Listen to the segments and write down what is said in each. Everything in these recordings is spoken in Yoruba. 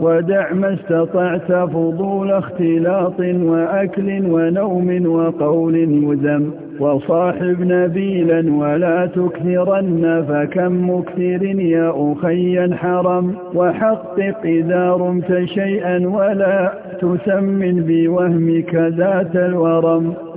ودع ما استطعت فضول اختلاط وأكل ونوم وقول مذم وصاحب نبيلا ولا تكثرن فكم مكثر يا أخي حرم وحقق إذا رمت شيئا ولا تسمن بوهمك ذات الورم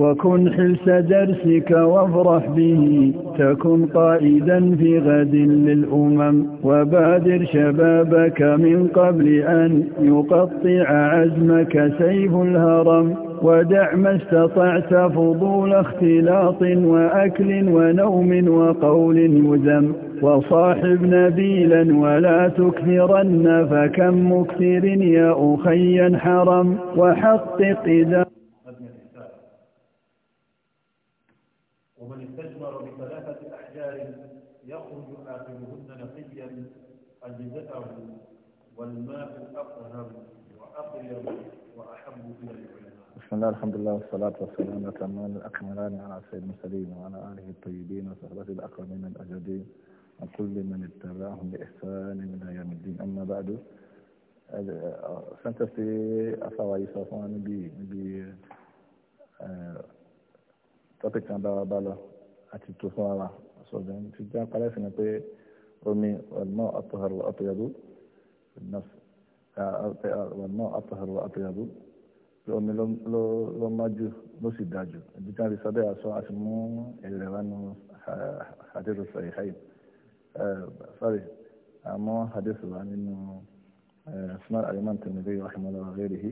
وكن حلس درسك وافرح به تكن قائدا في غد للأمم وبادر شبابك من قبل أن يقطع عزمك سيف الهرم ودع ما استطعت فضول اختلاط وأكل ونوم وقول مذم وصاحب نبيلا ولا تكثرن فكم مكثر يا أخي حرم وحقق إذا بسم الله الحمد لله والصلاة والسلام أتمنى الأكملان على سيد المرسلين وعلى آله الطيبين وصحبته الأكرمين الأجدين وكل من اتبعهم بإحسان إلى يوم الدين أما بعد سنت في أفواي صفوان آه، ب ب topic كان بابا بالا أتي توفوا لا سوين في جان قلة في نبي رمي والماء أطهر وأطيب النفس والماء أطهر وأطيب omi ló má jù ló sì dá jù ibi tí wọn fi sábẹ́ àṣọ àti mú èrè wánu àdéhùn sọ̀rọ̀ ìhàyè sọ̀rọ̀ àmọ́ àdéhùn wa nínú sunan alimán tẹ̀lé rahimahullah wa ghairihi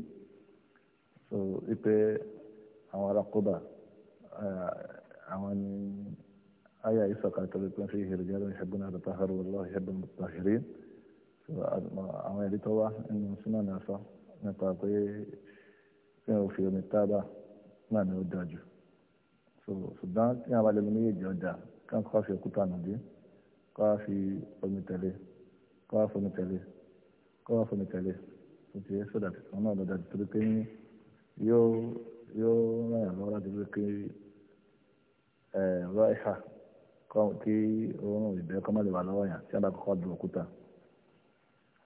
so ipe àwọn ará kóbà àwọn ni aya ìsọ̀kan tó lè pín fi hèrè jáde ìṣẹ́gun náà lọ́tà hàrù wọlọ́ ìṣẹ́gun lọ́tà hèrè àwọn ẹ̀rí tó wá nínú sunan náà sọ nípa pé kí wọn fi omi tábà náà ni ó dájú ṣùgbọ́n tí wọn bá lè lómi yéèjì ọjà kí wọn kọ́ fi òkúta nàdí kọ́ wá fi omi tẹ̀lé kọ́ wá fomi tẹ̀lé kọ́ wá fomi tẹ̀lé tó ti yẹ sódà tí wọn náà lọ dájú torí pé yóò yóò ràn yàn lọ́wọ́ láti rí pé ẹ̀ rọ́ ìhà kí oorun ìbẹ́ kọ́ má lè wà lọ́wọ́ yàn tí wọn bá kọ́kọ́ lu òkúta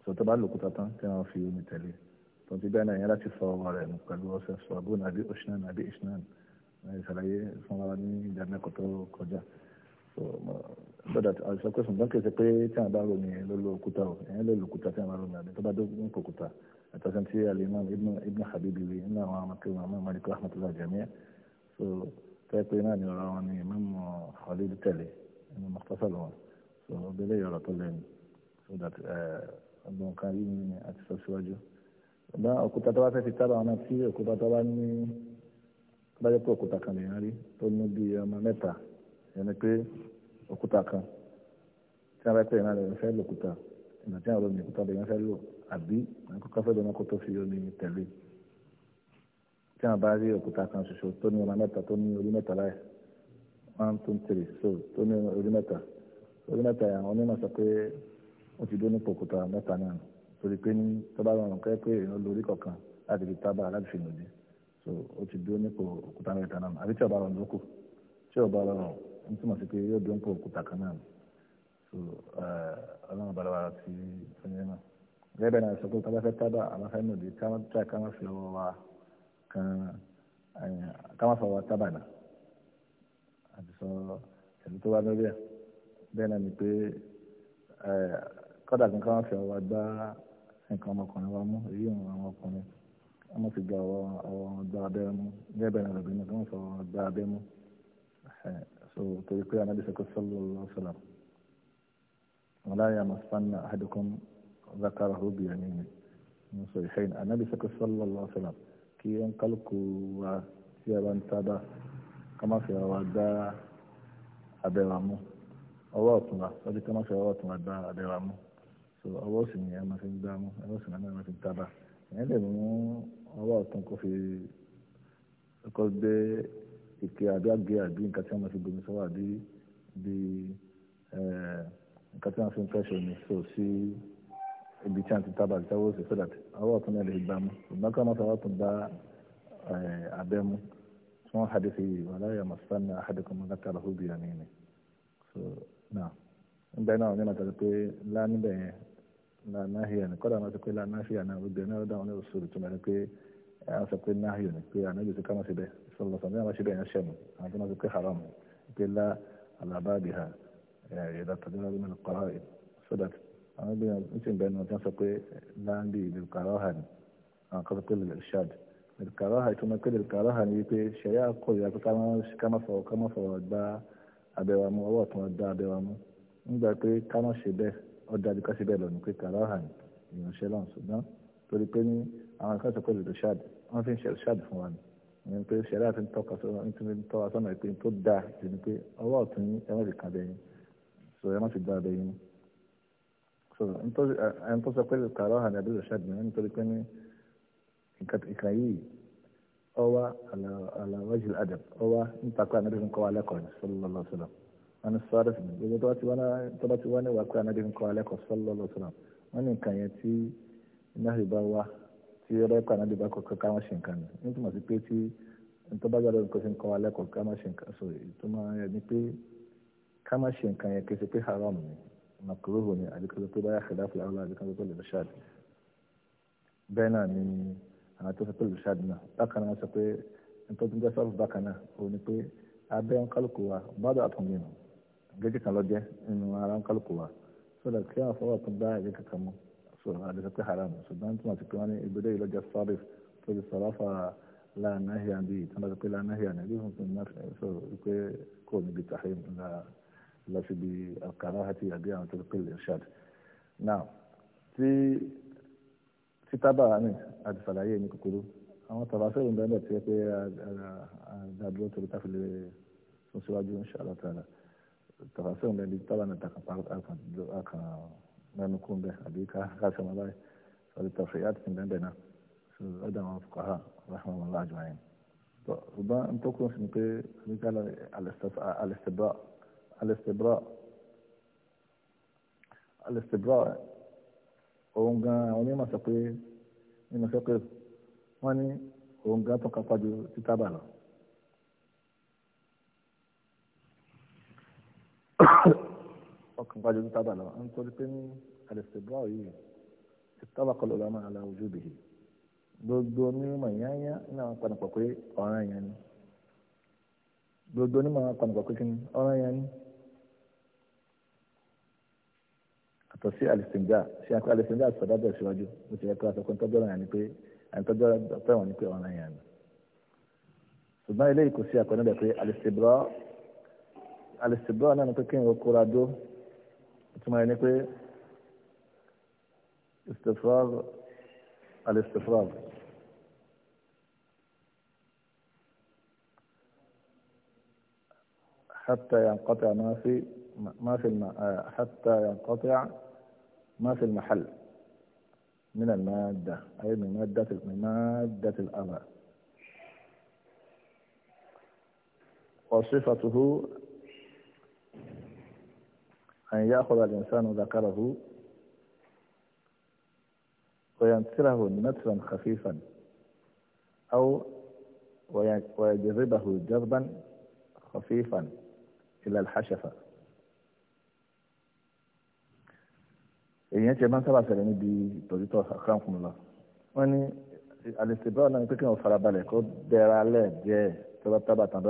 sọ tó bá lu òkúta tán tí wọn fi omi tẹ̀lé tó ti bẹ́ẹ̀ náà yẹn láti fọ ọwọ́ rẹ̀ pẹ̀lú ọṣẹ sọ̀bùn àbí oṣinan àbí ishnan ìṣàlàyé fún wa ní ìdánilẹ́kọ̀ọ́ tó kọjá bọ́dà àṣọ pé sùn dọ́kì ṣe pé tí àwọn bá romi yẹn ló lo òkúta o yẹn ló lo òkúta tí àwọn bá romi àbí tó bá dógún kò òkúta àtàṣe tí alimam ibn habibi wi nínú àwọn amakiri wọn máa malik rahmatulah jamiya so tẹ́ pé náà ni ọ̀rọ̀ wọn ni imam khalid tẹ̀lé ẹni mọ̀tọ́sọ̀ lọ́wọ́ so ọbẹ̀ lè yọ̀rọ̀ tó lẹ́nu so that ọgbọ̀n kan yìí ni a ti sọ síwájú ṣùgbọ́n òkúta tó bá fẹ́ fi tábà wọn tí òkúta tó bá ní tó bá jẹ́ pé òkúta kan lèèyàn rí tó ní bí ọmọ mẹ́ta ìyẹn ni pé òkúta kan tí wọ́n bá pè náà lèèyàn fẹ́ lò òkúta ìgbà tí àwọn olómi òkúta lèèyàn fẹ́ lò àbí àkọ́kọ́ fẹ́ lọ́mọ kó tó fi omi tẹ̀lé tí wọ́n bá rí òkúta kan ṣoṣo tó ní ọmọ mẹ́ta tó ní orí mẹ́ta láì one two three so tó ní orí mẹ́ta orí mẹ́ta yẹn àwọn onímọ̀ torí pé ní tọ́ba rọrùn kẹ́ pé èèyàn lórí kọ̀ọ̀kan láti fi tábà láti fi nù dé so ó ti dúró nípò òkúta mẹ́ta náà àbí tí ọba rọrùn ló tí ọba rọrùn ń túmọ̀ sí pé yóò dúró nípò òkúta kan náà so eh, ọlọ́run balẹ̀ wàrà ti fúnyẹ́ náà gẹ́gẹ́ bẹ́ẹ̀ náà sọ pé tábà fẹ́ tábà àmọ́ fẹ́ nù dé káwọn tíra fi ọwọ́ wa kan eh, káwọn fọwọ́ tábà náà àti sọ ẹ̀ kọ́dà kan káwọn fi ọwọ́ gbá nǹkan ọmọkùnrin wa mú èyí òun àwọn ọkùnrin wọn mọ̀ sí gba ọwọ́ ọgbà abẹ́rẹ́ mú gẹ́gẹ́ náà lọ́bìnrin tó ń sọ ọgbà abẹ́ mú so torí pé anábì sọ pé sọlọ lọ sọlọ wọn láyé àmọ́ sanna ahadukum zakara hobi ẹni ni wọn sọ ìṣe ni anábì sọ pé sọlọ lọ sọlọ kí wọn kálukú wa tí a bá ń tábà ká má fi ọwọ́ gbá abẹ́rẹ́ mú ọwọ́ ọ̀tún wa wọ́n ti ká má fi ọwọ́ ọ̀tún wa gbá abẹ́rẹ́ mú so ọwọ́ sì ni a máa fi ń gbámú ọwọ́ sì ni a máa fi ń tábà ìyẹn lè mú ọwọ́ ọ̀tún kó fi kó gbé ike àbí àgé àbí nǹkan tí wọ́n máa fi gbomi sọ́wọ́ àbí bí nǹkan tí wọ́n fi ń fẹ́ ṣe ni so sí ibi tí wọ́n ti tábà àti ọwọ́ sì so that ọwọ́ ọ̀tún náà lè gbámú ìgbọ́n kan máa fi ọwọ́ ọ̀tún bá abẹ́ mu tí wọ́n hadith yìí wàlá yà màsánà àhàdìkọ́ mọ́tà kàlà hó bìyà nìyẹn so now, ń bẹ́ẹ̀ náà ní màtàlẹ́ pé lá níbẹ̀ la náhìá ni kọ́dà máa sọ pé la náhìá náà gbogbo náà dáhùn ní oṣù tó máa ní pé a sọ pé náhìá ni pé ànábì tó ká máa ṣe bẹ́ẹ̀ sọlọ sọ náà máa ṣe bẹ́ẹ̀ yẹn ṣẹ́nu àwọn tó máa sọ pé haram pé la alábàbí ha ìyàdà tàbí náà lómi kọ́ra ẹ̀ so that àwọn bí wọn ti bẹ́ẹ̀ náà ti sọ pé láńbì lè kàrọ́ hà ni àwọn kan sọ pé lè ṣáàd lè kàrọ́ hà ìtumọ̀ pé lè kàrọ́ hà ni wípé ṣẹ̀yà kọ̀ ìyá pé ká má fọwọ́ gbá abẹ́wàmú ọwọ́ ọ̀tún gbá abẹ́wàmú nígbà pé ká má ṣe bẹ́ẹ̀ ọdọ àdìkọ́ síbẹ̀ lọ́nà pé kàláhàn ìránṣẹ́ lọ́n ṣùgbọ́n torí pé ní àwọn ẹ̀ka sọ pé lòdò ṣáàd wọ́n fi ń ṣẹ̀rù ṣáàd fún wa ni ìyẹn pé ṣẹ̀rù àti tọ́ka sọ́nà nítorí tọ́ka sọ́nà pé tó dáa jù ni pé ọwọ́ ọ̀tún yín ẹ má fi kàn bẹ́yìn so ẹ má fi gbà bẹ́yìn so ẹni tó sọ pé kàláhàn àbí lòdò ṣáàd ni nítorí pé ní ìkà yìí ọwọ́ àlàwájú adab ọwọ́ nípa pé àná wọn sọ́ọ́dọ̀ sí gbogbo tó bá ti wá ní ìwà pé anábì ń kọ́ alẹ́kọ̀ọ́ sọ́lọ́ lọ́sọ̀rọ̀ wọn ní nǹkan yẹn tí iná ìbá wá tí ó rẹ́pọ̀ anábì bá kọ̀ọ̀kan ká wọ́n ṣe nǹkan ni nítorí sí pé tí tó bá gbàdọ̀ nǹkan ṣe ń kọ́ alẹ́kọ̀ọ́ ká má ṣe nǹkan so ìtumọ̀ rẹ̀ ni pé ká má ṣe nǹkan yẹn kése pé haram ni makuruhu ni àdìkọ́sọ pé báyà ṣẹlẹ̀ àfọlẹ́ àwọn àdìkọ́sọ pé lẹ́lẹ́ṣàd bẹ́ẹ̀ náà ni àwọn tó sọ pé lẹ́lẹ́ṣàd náà bákan náà sọ pé nítorí tó ń jẹ́ sọ́ọ̀fù bákan náà òun ni pé abẹ́ ń kálukú wa bá gẹ́gẹ́ kan lọ́jẹ́ nínú ara ń kálukú wa sọ́dọ̀ kí àwọn fọwọ́ tó ń dá ẹ̀jẹ̀ kankan mú sọ̀rọ̀ àdìsẹ́ pé haram ṣùgbọ́n tí wọ́n ti pè wọ́n ní ìgbédè yìí lọ́jọ́ sọ́ọ̀rì tó ti sọ̀rọ̀ fà láàánáhìá bí tí wọ́n ti pè láàánáhìá ní ìlú fún mi sọ pé kò níbi tahim ńlá lọ síbi àkàrà àti àbí àwọn tó ti pè lè ṣáàd. now tí títàbà ní àti sàlàyé ní kúkúrú àwọn tàbásẹ́ ìgbà bẹ̀ tí wọ́n pé àdàdúró torí táfìlẹ̀ sún síwájú insha Allah ta'ala. tàbásẹ́wọ̀n lẹ́ni tábà náà takàpá àkàn mẹ́nu kún bẹ́ẹ̀ àbí ká káṣẹ́ wọn báyìí sọ̀rọ̀ tàfẹ́ yá ti bẹ́ẹ̀ bẹ́ẹ̀ náà ṣe ọ̀dà wọn fọkà ha rahman wọn láàjọ ayé ṣùgbọ́n n tó kún sí ni pé ní ká lọ alẹ́sẹ̀bra alẹ́sẹ̀bra òun gan àwọn onímọ̀ sọ pé nínú sọ pé wọ́n ní òun gan tó kápá ju títábà ọkàn gbájú ní أن lọ nítorí pé ní àdìsíbọ̀ yìí ìtàbàkọ̀ lọ́la máa la ojú bìí gbogbo onímọ̀ yányá ní àwọn panupọ̀ pé ọ̀ràn yẹn ni gbogbo onímọ̀ àwọn panupọ̀ pé kíni ọ̀ràn yẹn ni àtọ̀ sí àlìsìnjà sí àpẹ àlìsìnjà àtọ̀dájọ́ ìṣíwájú mo ti yẹ kí wọ́n sọ pé ntọ́jú ọ̀ràn yẹn ni pé àìntọ́jú ọ̀pẹ́ wọn ni pé ọ̀ràn yẹn ni ṣùgbọ́n eléyìí kò sí àpẹẹrẹ pé àlìsìbọ̀ àlìsìbọ̀ náà ni pé kí n ro kóra dó ìtumọ̀ ẹni يعني استفراغ الاستفراغ حتى ينقطع ما في ما في الم... آه، حتى ينقطع ما في المحل من المادة أي من مادة من مادة الأمر وصفته أن يأخذ الإنسان ذكره وينثره نثرا خفيفا أو ويجربه جربا خفيفا إلى الحشفة èèyàn tiẹ̀ máa ń sábà ṣẹlẹ̀ níbi ìtọ́jútọ́ àkàǹkùn lọ wọ́n ní àlèsèbá náà pé kí wọ́n farabalẹ̀ kó dẹra alẹ́ díẹ̀ tó bá tábà tán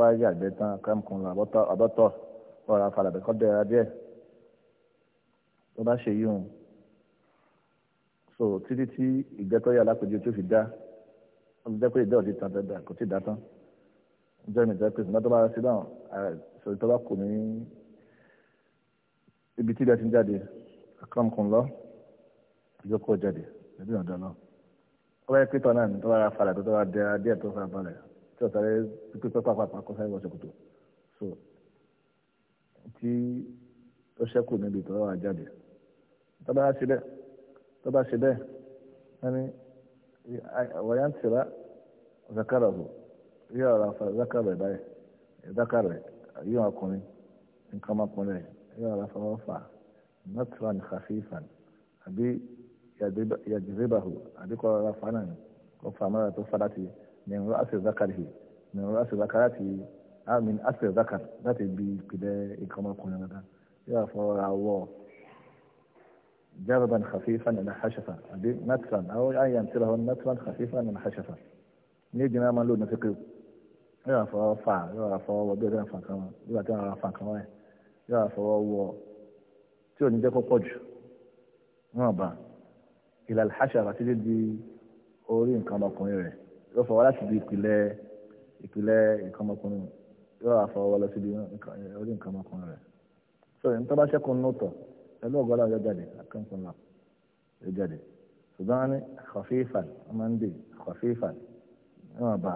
bá yàgbẹ́ tán àkàǹkùn lọ àbọ̀tọ̀ ọ̀rọ̀ àfàlàbẹ̀ kọ́ dẹ̀ra díẹ̀ tó bá ṣe yíhun so títí tí ìgbẹ́tọ́yà alápèjì tó fi dá wọ́n ti jẹ́ pé ìdẹ́ọ̀dì tán tẹ́ dà kò tí ì dá tán jẹ́ mi jẹ́ pé ṣùgbọ́n tó bá ṣe náà ṣòrí tó bá kù ní ibi tí ilẹ̀ ti ń jáde akọ́mkùn lọ ìjókòó jáde ẹbí ọ̀dọ́ náà ó bá yẹ pé tọ́ náà tó bá ra falẹ̀ tó bá dẹ́ra díẹ̀ tó fara balẹ̀ tí ọ̀sán tí ó ṣẹ́kù níbi ìtọ́wọ́ wa jáde tó bá ṣe bẹ́ẹ̀ tó bá ṣe bẹ́ẹ̀ ẹni wọ̀nyán tìrá zakara hù yóò ra zakara ẹ̀ báyìí zakara yóò ọkùnrin nǹkan ọmọkùnrin yóò ra fọwọ́ fà nọ́tìrán khafifan àbí yàdìrìbàhù àbí kọ́ ra fanà kọ́ fàmọ́ra tó fara ti ní ìrọ̀ àti zakara yìí ní ìrọ̀ àti zakara ti yìí àmì aspect zakar láti ibi ìpìlẹ̀ nǹkan ọmọkùnrin rẹ̀ yóò fọ àwọ̀ جربا خفيفا الى حشفه ابي نترا او ان يمثله نترا خفيفا من حشفه نيجي نعمل له نفقه yóò fọwọ́ fà yóò fọwọ́ wọ bí o tẹ́lẹ̀ fà kan yóò tẹ́lẹ̀ ara fà kan wáyé yóò fọwọ́ wọ tí ò ní jẹ́ kó pọ̀ jù wọn bá ìlà àṣàrà títí di orí nǹkan ọmọkùnrin rẹ̀ yóò fọwọ́ láti di ìpìlẹ̀ ìpìlẹ̀ nǹkan ọmọkùnrin yóò àfọwọ́ lọ síbi orí nǹkan ọmọkùnrin rẹ̀ so ní tọ́ba ṣẹ́kùn ní ọ̀tọ̀ ẹlú ọ̀gọ́dà yóò jáde akẹ́kọ̀ọ́ náà yóò jáde ṣùgbọ́n ní kọfífà ọmọ ń dè kọfífà níwọ̀n bá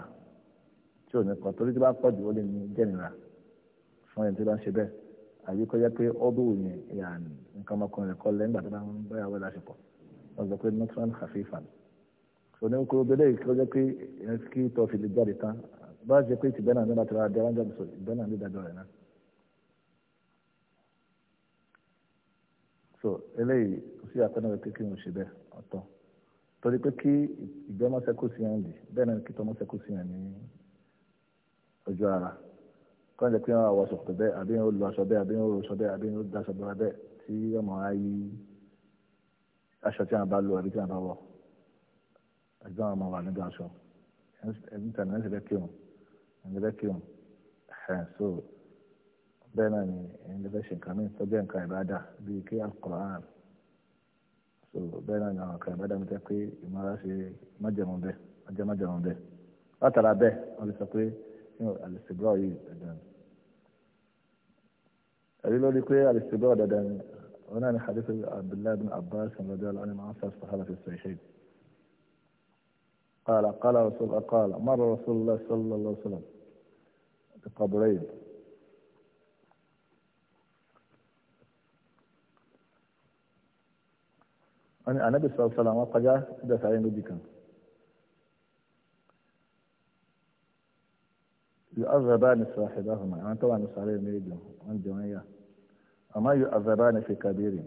tí ò ní kọ́ torí tí bá pọ̀ jù ó lè ní jẹ́nira fún ẹni tí bá ń ṣe bẹ́ẹ̀ àbí kọjá pé ọdún òyìn ìyàn nǹkan ọmọkùnrin rẹ̀ kọ́ lẹ́yìn gbàdúrà ń bẹ́yà wẹ́lá ṣepọ̀ wọ́n sọ pé nutron kọfífà oníkóró bẹ́ẹ̀ kọjá pé ẹni bá a jẹ pé tìbẹ́ náà nígbà tó ra dé ránjọ́ bùsọ̀ ìbẹ́ náà nídàjọ́ rẹ̀ náà. so eléyìí kò sí àpẹẹrẹ rẹ pé kí n ò ṣe bẹ́ẹ̀ ọ̀tọ̀ torí pé kí ìgbẹ́ mọ́sẹ́kù sí yàn lè bẹ́ẹ̀ náà kí tọ́ mọ́sẹ́kù sí yàn ní ojú ara kọ́ ẹ̀ pé wọ́n àwọn aṣọ pẹ̀ bẹ́ẹ̀ àbí wọ́n lo aṣọ bẹ́ẹ̀ àbí wọ́n lo aṣọ bẹ́ẹ̀ àbí wọ́n da aṣọ bẹ́ẹ̀ bẹ́ẹ̀ tí ọmọ ayé aṣọ tí wọ́n bá lo àbí tí wọ́n bá wọ̀ ẹgbẹ́ wọn máa wà níbi aṣọ ẹ̀ tẹ̀lé ẹ̀ tẹ̀lé kírun ẹni bẹ́ẹ̀ kí wọn ẹ̀hẹ́n so bẹ́ẹ̀ náà ni ẹni bẹ́ẹ̀ ṣe nǹkan mi to Al-Qur'an so bẹ́ẹ̀ náà ni àwọn nǹkan ìbáda mi jẹ́ pé ìmọ̀ra ṣe májẹ̀mú bẹ́ẹ̀ ọjọ́ májẹ̀mú bẹ́ẹ̀ látara bẹ́ẹ̀ wọ́n ti sọ pé àlìsìgbọ́ yìí dandan ẹ̀rí hadith Abdullahi bin Abbas radiyallahu anhu máa ń sọ sàhálà fi sọ قال قال رسول قال مر رسول الله صلى الله عليه وسلم بقبرين أنا أنا صلى الله عليه وسلم قال دفع كان يؤذبان صاحبهما أنا طبعا صحيح ميدو عن جميع أما يؤذبان في كبير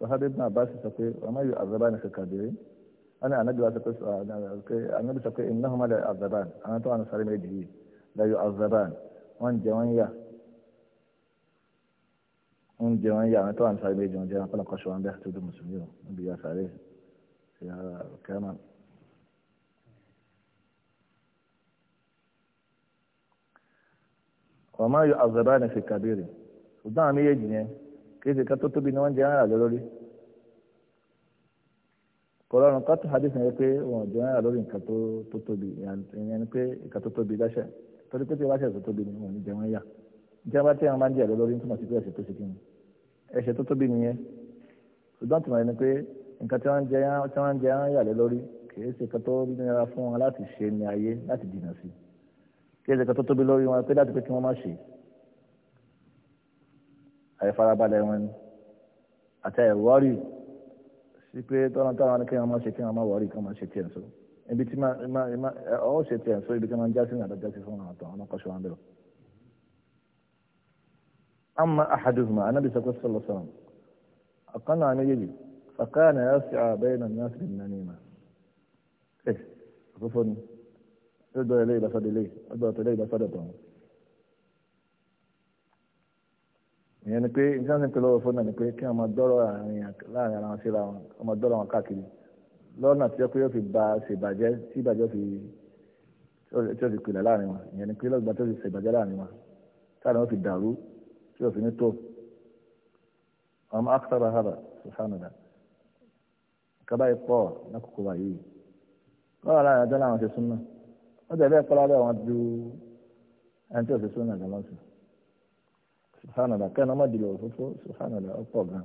صاحب ابن عباس يقول أما يؤذبان في كبير أنا أنا بس أنا أنا وسلم النبي إنهما لا يؤذبان أنا طبعا صحيح ميدو lẹ́yọ azaban wọ́n ń jẹ wọ́n ń yà ń jẹ wọ́n ń yà àwọn tó wà ní sáré méjì wọ́n jẹ́ wọn kọ́ lọ́kọ́ wọn bẹ́ẹ̀ tó dé mùsùlùmí o níbi ìyá sáré ìyá kẹ́mà. wọ́n máa yọ azaban fi kàbírì ṣùgbọ́n àwọn méjèèjì yẹn kí èsì kan tó tóbi ni wọ́n jẹ́ ara lé lórí kọlọ́run kọ́tù hadith yẹn pé wọ́n jẹ́ ara lórí nǹkan tó tóbi ìyẹn ni pé nǹkan tó tóbi lẹ́sẹ̀ torí pé tí wọ́n bá ṣe ẹ̀ṣẹ̀ tó tóbi ni wọ́n ò ní jẹ wọ́n yà nítorí wọ́n bá tí wọ́n bá ń jẹ ẹ̀rọ lórí túmọ̀ sí pé ẹ̀ṣẹ̀ tó ṣe kíni ẹ̀ṣẹ̀ tó tóbi nìyẹn ṣùgbọ́n tìmọ̀ ẹni pé nǹkan tí wọ́n ń jẹ tí wọ́n ń jẹ wọ́n yà lé lórí kìí ṣe kan tó nira fún wọn láti ṣe ní ayé láti dìnà sí kìí ṣe kan tó tóbi lórí wọn pé láti pé kí wọ́n má ṣe àìfarabalẹ̀ wọn ni àti àìwọ́rì sí pé tọ́lọ́ntàn ibi tí ma ma ma ọ ṣe tiẹ̀ sọ ibi tí ma ń jásí ní àdájásí fún àwọn àtọ̀ àwọn ọkọ̀ṣọ́ wọn bẹ̀rẹ̀. amma ahaduhuma anabi sọ pé sọlọ sọlọ ọ̀kan náà méjèèjì fàkàna yà sí àbẹ́yìn náà ní àti ìdìnnà ní ìmà. ẹ àkókò ni ó gbọ́ ilé ìbásọ́dọ̀ ilé ó gbọ́ ilé ìbásọ́dọ̀ tó ìyẹn ni pé ìjọba ń pè náà ni pé kí wọ́n máa dọ́rọ̀ láàrin ara wọn síra wọn máa dọ́rọ̀ káàkiri lọ́nà tí ọkùnrin yóò fi ba ṣèbàjẹ́ tí ìbàjẹ́ fi tí ó fi pilẹ̀ láàrin wọn ìyẹn ni pé lọ́gbà tó fi ṣèbàjẹ́ láàrin wọn táwọn yóò fi dàrú tí yóò fi ní tó ọmọ akitaba haba subhanallah kaba yìí pọ̀ lákòókò wa yìí lọ́wọ́ láàrin ọjọ́ làwọn ṣe súnmọ́ wọ́n jẹ́ bẹ́ẹ̀ kọ́lá bẹ́ẹ̀ wọ́n ju ẹni tí yóò fi súnmọ́ àgbà lọ́sùn subhanallah kẹ́ni ọmọ dìlẹ̀ òfófó subhanallah ọ̀pọ̀ gan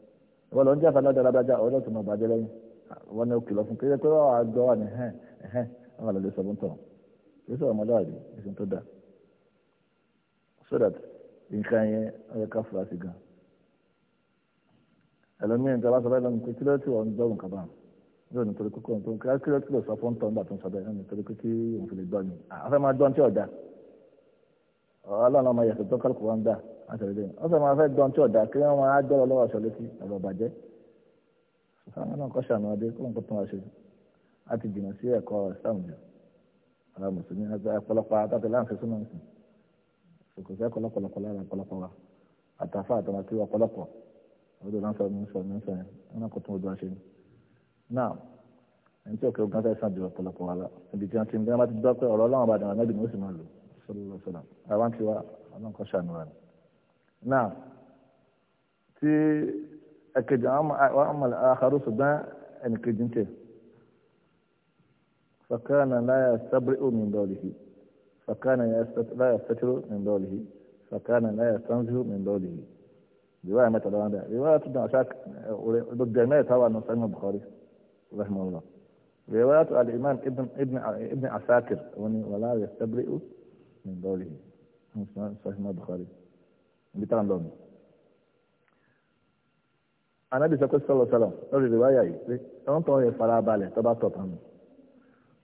wọ́n lọ ń jẹ́ àfàlà dáradára ọ̀rọ̀ tó máa bàjẹ́ lẹ́yìn wọ́n ní òkè lọ fún kéde pé wọ́n á gbọ́ wà ní hẹ́n hẹ́n wọ́n á lọ lè sọ fún tọ̀ kí sọ̀rọ̀ ọmọláàbí ẹ̀sìn tó dà so that nǹkan yẹn ó yẹ ká fura sí gan ẹlòmíràn tí sọ báyìí lọ́nà pé kí ló ti wọ́n gbọ́ nǹkan báyìí yóò nítorí kókó nítorí kí ló ti lè sọ fún tọ́ nígbà tó ń sọ bẹ́ẹ̀ nítorí òun fi lè gbọ́ ni àfẹ́ máa gbọ́ ní tí ọ̀dà wọ́n sọ lédè wọ́n sọ máa fẹ́ gbọ́n tí ọ̀dà kí wọ́n máa dọ́rọ̀ lọ́wọ́ aṣọ létí ọ̀rọ̀ bàjẹ́ sọ́kànnà náà kọ́ sànù ọdẹ kó nǹkan tó wá ṣe láti jìnnà sí ẹ̀kọ́ islam jù ara mùsùlùmí ọ̀pọ̀lọpọ̀ àtàtà láǹfẹ̀ súnmọ́ nsìn ṣòkòtò ẹ̀kọ́ lọ́pọ̀lọpọ̀ lára ọ̀pọ̀lọpọ̀ wa àtàfà àtàwàtì ọ̀pọ̀lọpọ̀ ọdọ láǹfẹ̀ nísọ nísọ ẹ̀nà kò tún ojú wa ṣe ni. náà ẹni tí òkè ogun sàn ju ọ̀pọ̀lọpọ̀ wa la ibi tí wọ́n ti ń bí wọ́n wa ọlọ́run kọ́ نعم تي اكيد اما اما الاخر صدا يعني ان فكان لا يستبرئ من دوله فكان لا يستتر من دوله فكان لا يستنزه من دوله رواية ما تدعى عندها رواية تدعى شاك ضد ما يتوى أنه سلم البخاري رحمه الله رواية الإمام ابن ابن ابن عساكر ولا يستبرئ من دوله رحمه البخاري ibi tá à ń lọ nù. anabi sọ pé sọlọ sọlọ lórí ìrìwá yà yìí pé ẹwọn tó ń yẹ fara balẹ̀ tó bá tọ̀ tán nù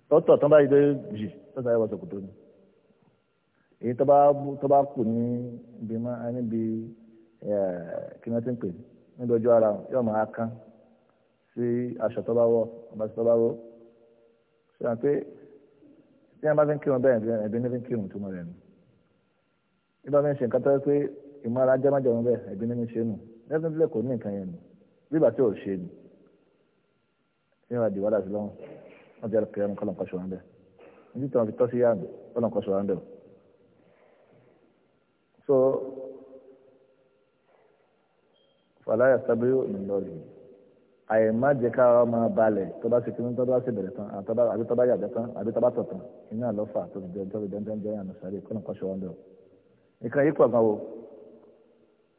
tọ́tọ̀ tán bá yìí dé jì tó sáré wọ́n sọ̀kòtò ni èyí tó bá tó bá kù ní ibi má níbi kí wọ́n ti ń pè níbi ojú ara yóò máa kán sí aṣọ tó bá wọ̀ àbáṣọ tó bá wọ̀ ṣe hàn pé tí wọ́n bá fi ń kírun bẹ́ẹ̀ ẹ̀bí ní fi ń kírun tó mọ̀ rẹ̀ ni bí fi ń ṣe nǹkan tó yẹ pé ìmọ̀ra jámájà wọn bẹ́ẹ̀ ẹ̀bí nínú ṣe nù lẹ́sìndínlẹ̀ kò ní nǹkan yẹn nù bíbà tí ò ṣe nù ìyẹn wà di wàhálà sí lọ́wọ́ wọn jẹ́ kẹrin kọ́lọ̀ nǹkan ṣọ̀rọ̀ bẹ́ẹ̀ níbi tí wọn fi tọ́ sí yáàmù kọ́lọ̀ nǹkan ṣọ̀rọ̀ bẹ́ẹ̀ so fàlàyà sábẹ́rẹ́ ònìlọ́ọ̀lì àyè má jẹ́ ká ọ máa balẹ̀ tó bá ṣe kí ní tó bá ṣe bẹ̀rẹ̀ tán àbí tó bá yàgbẹ́ tán àbí tó bá tọ̀ tán iná lọ́fà tó fi jẹun tó fi jẹun jẹun jẹun àná sáré kọ́lọ̀ nǹkan ṣọ̀rọ̀ bẹ́ẹ̀ nìkan yìí pọ̀ gan o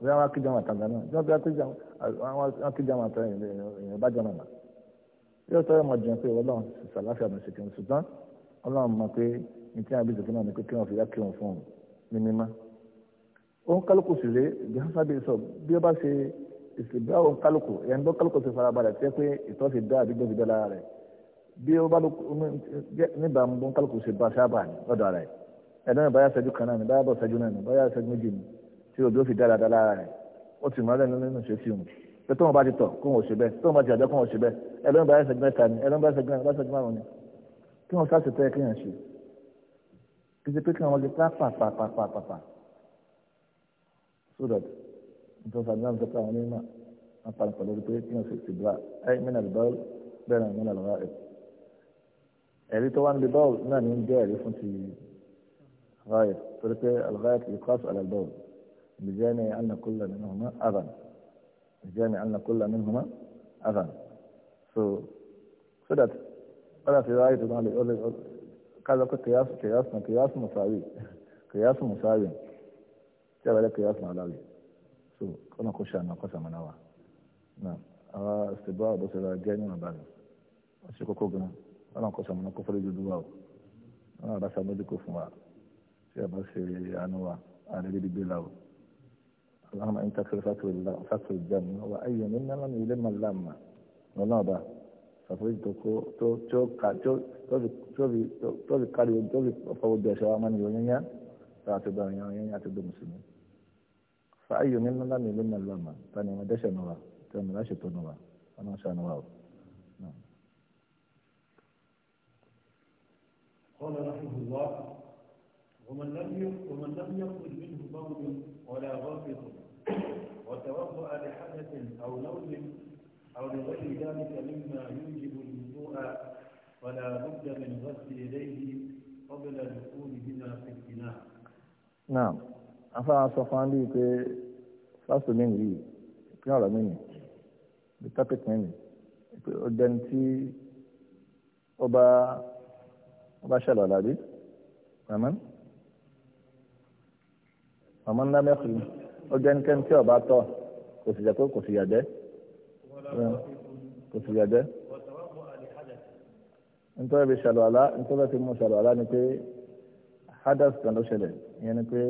bí wọ́n á kí jama tàǹgà náà jọ́n bí wọ́n kí jama tàǹgà èèyàn bá jama mà yóò tọ́ ọmọ jẹun pé ọlọ́run sàláfíà mi ṣe kìnnìún ṣùgbọ́n ọlọ́run mọ̀ pé ní tí wọ́n bí ìṣèkínà ni pé kí wọ́n fi yá kí wọ́n fún un ní mímá òun kálukú sì rèé ìgbésà bí sọ bí ó bá ṣe ìsìnbá òun kálukú ẹni tó kálukú ti fara balẹ̀ tẹ́ pé ìtọ́ ti dá àdúgbò ti dá lára rẹ̀ bí ó bá níbà ń bọ́n kálukú ṣe bá ṣáàbà lọ́dọ̀ rẹ̀ ẹ̀dá mi báyà ṣẹ́jú tí odò fi dára dára rẹ̀ ó ti mọ ẹlẹ́nu nínú ṣe sí òun pé tóun bá ti tọ̀ kó wọn ò ṣe bẹ́ẹ̀ tóun bá ti àjọ kó wọn ò ṣe bẹ́ẹ̀ ẹlẹ́nu bá ẹsẹ̀ mẹ́ta ni ẹlẹ́nu bá ẹsẹ̀ mẹ́ta márùn ni kí wọn sáà ṣe tẹ́ kí wọn ṣe kí ṣe pé kí wọn lè pa pàpàpàpàpà so that nítorí sàgbọ́n náà ń sọ́kà àwọn onímọ̀ apani pẹ̀lú pé kí wọn ṣe ti bla ẹ mẹ́nà bọ́ọ̀lù bẹ́ẹ̀ náà mẹ́nà lọ́wọ́ ẹ̀rí tó wá níbi bọ́ọ̀lù náà ní ń jẹ́ ẹ̀rí fún ti ráyẹ̀ torí pé àlùkáyà kì í kọ́ àṣọ àlẹ́ bọ́ọ̀lù. بجانب أن كل منهما أذى بجانب أن كل منهما أذى سو so ولا whether في رواية مالك قال لك قياس قياس قياس مساوي قياس مساوي تبع لك قياس معنوي سو أنا كل ما أنا قسم نعم أنا استباع بس لا جاني ما بعرف أشوفه كوجنا أنا قسم أنا كفر جدواه أنا بس أمدي كفوا شيء بس أنا وا أنا بدي بلاو اللهم انت اغفر فتوى الله فتوى الجنه واي منا لم يلم اللمه ọlọ́run ọba ṣàforíjì tó kó tó tó ka tó tó fi kárí ojú tó fi fọwọ́ bí ẹ̀ṣọ́ wa máa ní ìròyìn yẹn tó àti bá ìròyìn yẹn àti bá mùsùlùmí. fàáyò mi ńlá mi ló ń lọ àmà tani ọmọ dẹ́ṣẹ̀ nù wa tí ọmọ láṣẹ tó nù wa ọmọ ṣà nù wa o. قال رحمه الله ومن لم يقل منه بول ولا غافل وتوضأ لحدث أو نوم أو لغير ذلك مما يوجب الوضوء فلا بد من غسل يديه قبل دخولهما في الإناء. نعم afa sọ fún andi pé fásitì mi yìí ìpín ọ̀rọ̀ mi yìí the topic mi yìí pé ó dẹni tí ó bá ó bá ṣẹlẹ̀ ọ̀làdí màmá màmá ńlá mẹ́kùnrin ó jẹ́ nìkan tí ọba tọ̀ kò sì jẹ́ pé kò sì yàgbẹ́ kò sì yàgbẹ́. nítorí bí ṣàlùwàlá nítorí bí mo ṣàlùwàlá ni pé hadas kan ló ṣẹlẹ̀ ìyẹn ni pé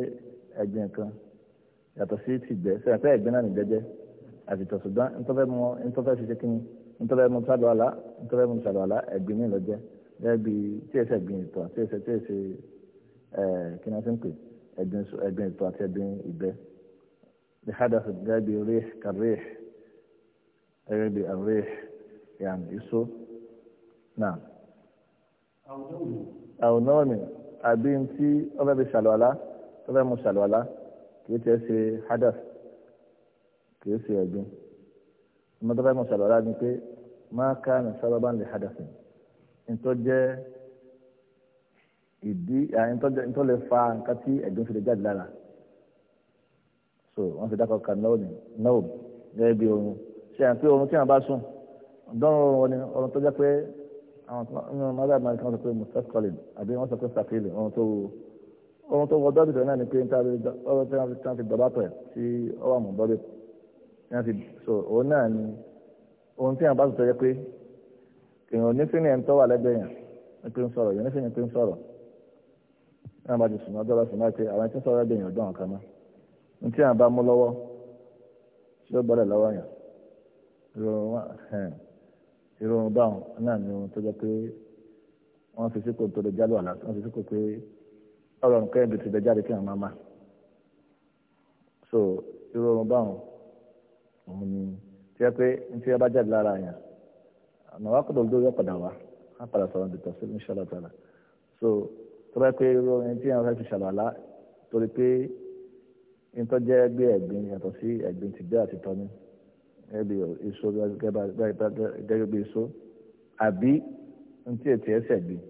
ẹ̀gbin kan yàtọ̀ sí tìgbẹ́ sẹ́yìn pé ẹ̀gbin náà nìgbẹ́jẹ́ àti tọ̀sùgbọ́n nítorí mo nítorí fi ṣe kí ni nítorí mo ṣàlùwàlá nítorí mo ṣàlùwàlá ẹ̀gbin mi lọ jẹ́ gẹ́gẹ́ bí tí èsẹ̀ gbin ìtọ̀ tí èsẹ̀ tí èsẹ̀ kí ni wọ́n ti ń pè ẹ̀gbin ìtọ̀ àti ẹ̀gbin ìgbẹ́. بحدث جابي ريح كالريح غيبي الريح يعني يسو نعم أو نوم أو نوم أبين تي أبا بشالولا أبا مشالولا كي تيسي حدث كي يسي أبين ما تبا مشالولا نكي ما كان سببا لحدث انتو جي ìdí àyìntọ́lẹ̀ fa nǹkan tí ẹ̀gbìn fi lè jáde lára so wọ́n ti dákọ̀ kan náà ní náà gẹ́gẹ́ bí oorun ṣe à ń pé oorun tí wọ́n bá sùn dánwò wọn ni oorun tó jẹ́ pé àwọn mọ́tò àmàlẹ́ kan sọ pé mustaf colin àbí wọ́n sọ pé sakili oorun tó oorun tó wọ dọ́bìtì náà ni pé ọ̀rọ̀ tí wọ́n ti dọ̀bà pẹ̀ tí ó wà mú dọ́bìtì tí wọ́n ti so òun náà ni oorun tí wọ́n bá sùn tó jẹ́ pé èèyàn onífínì ẹ̀ ń tọ́wà lẹ́gbẹ̀ẹ́ yẹn pé ń sọ̀rọ̀ èèyàn onífínì pé ń sọ̀rọ̀ náà bá ti sùn náà dọ́bà sùn náà pé àwọn ẹ̀ ti ń sọ̀rọ̀ lẹ́gbẹ̀ẹ́ yẹn ọ̀dọ́ àwọn kan náà ní tí àbá mú lọ́wọ́ tí ó gbọ́dọ̀ lọ́wọ́ yàn ìrọ̀rùn báwọn náà ni ohun tó jẹ́ pé wọ́n fi síkò tó lè jálù àlá wọ́n fi síkò pé ọ̀rọ̀ nǹkan ẹ̀dùn ti dẹjáde kí wọ́n máa má so ìrọ̀rùn báwọn òun ni tí wọ́n pé ní tí wọ́n bá jáde lára yàn àmọ́ wọ́n kọ́dọ̀ lórí ọ̀padà wá wọ́n padà sọ̀rọ̀ dìtọ̀ sí inshallah ta'ala so tó bá pé ìrọ̀rùn tí wọ́n fẹ́ fi ṣàlọ́ àlá torí pé nítorí jẹ́ bí ẹ̀gbin yàtọ̀ sí ẹ̀gbin tìgbẹ́ àti tọ́ni ẹ̀bí iṣó gẹ́gẹ́ bí iṣó àbí ntí ètò ẹsẹ̀ gbin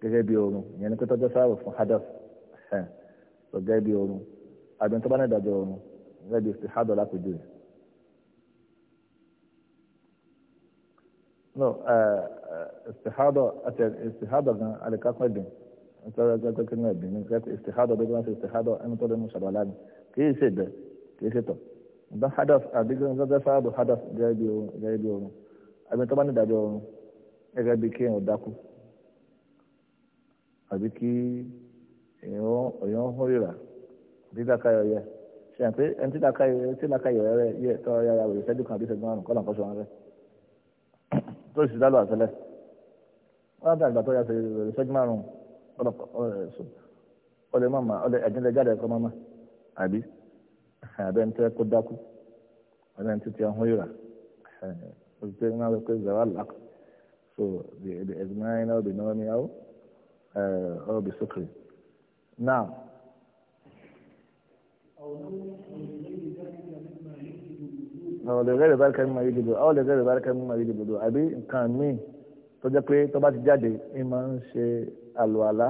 gẹ́gẹ́ bí oorun ìyẹn ni pé tọ́jọ́ sáàrò fún hadaf ẹ̀ gẹ́gẹ́ bí oorun àbí tó bá ní ìdájọ́ oorun gẹ́gẹ́ bí ti hadọ̀ lápèjú rẹ̀. no istihadọ̀ àti istihadọ̀ gan alikakun ẹ̀gbin nítorí ẹgbẹ́ kékeré ẹ̀gbin ní istihadọ̀ bí wọ́n ṣe istihadọ̀ ẹni tó lè mú ṣàlọ́ láàmì. kì í ṣe bẹ̀ kì í ṣe tọ̀ ọba hadaf àbí gẹ́gẹ́ sáàbù oorun gẹ́gẹ́ bí oorun àbí oorun gẹ́gẹ́ bí kí èèyàn dákú àbí kí èèyàn hó rírà àbí dáká yọyẹ ṣe àpé ẹni tí dáká yọyẹ tí dáká yọyẹ rẹ yẹ tọ́ yára wòye ṣẹ́jú kan àbí àbí abẹ́ ní tẹ́ kó dákú ọ̀nà títí ọ̀hún yìí rà ọ̀sùn tẹ́ náà pé zara lak so the examiner náà bí náà ní àwọ̀ ọ̀ bí sókè now. أو لغير ذلك مما يجب أو لغير ذلك مما يجب àbí nǹkan míì tó jẹ́ pé tó bá ti jáde ń máa ń ṣe àlùwàlá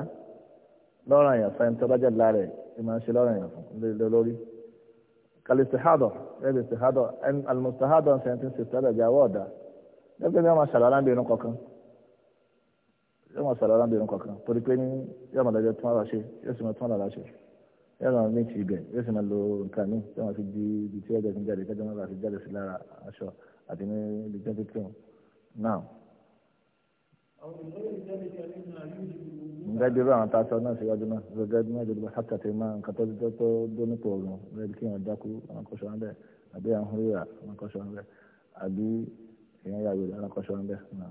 lọ́ràn àyànfẹ́ tó bá jáde lára ẹ̀ ìmọ̀ ṣe lọ́rọ̀ yẹn lórí kalistihadọ ẹbí istihadọ alimustahadọ ṣẹntì sistadọ ìjàwọ ọdà ẹgbẹ ní ọmọ ṣàlọ alábìrin kọ̀ọ̀kan yóò máa ṣàlọ alábìrin kọ̀ọ̀kan torí pé ní yóò máa dájọ tún ara ṣe yóò sì máa tún ara ṣe yóò máa ní ti ibẹ̀ yóò sì máa lo nǹkan mi yóò máa fi di ibi tí ẹgbẹ ti ń jáde kẹjọ náà láti jáde sí lára aṣọ àti ní ibi tí wọn ti kírun náà nga bí bá àwọn tá a sọ náà síwájú náà gẹ́gẹ́ bí wọn jẹjẹrẹ hàtà tí máa nǹkan tó tó tó dóní pọ ọgùn lẹbi kí wọn dákú àwọn kọsọ wọn bẹ àbí àwọn húrúyà àwọn kọsọ wọn bẹ àbí èèyàn yà wèrè àwọn kọsọ wọn bẹ náà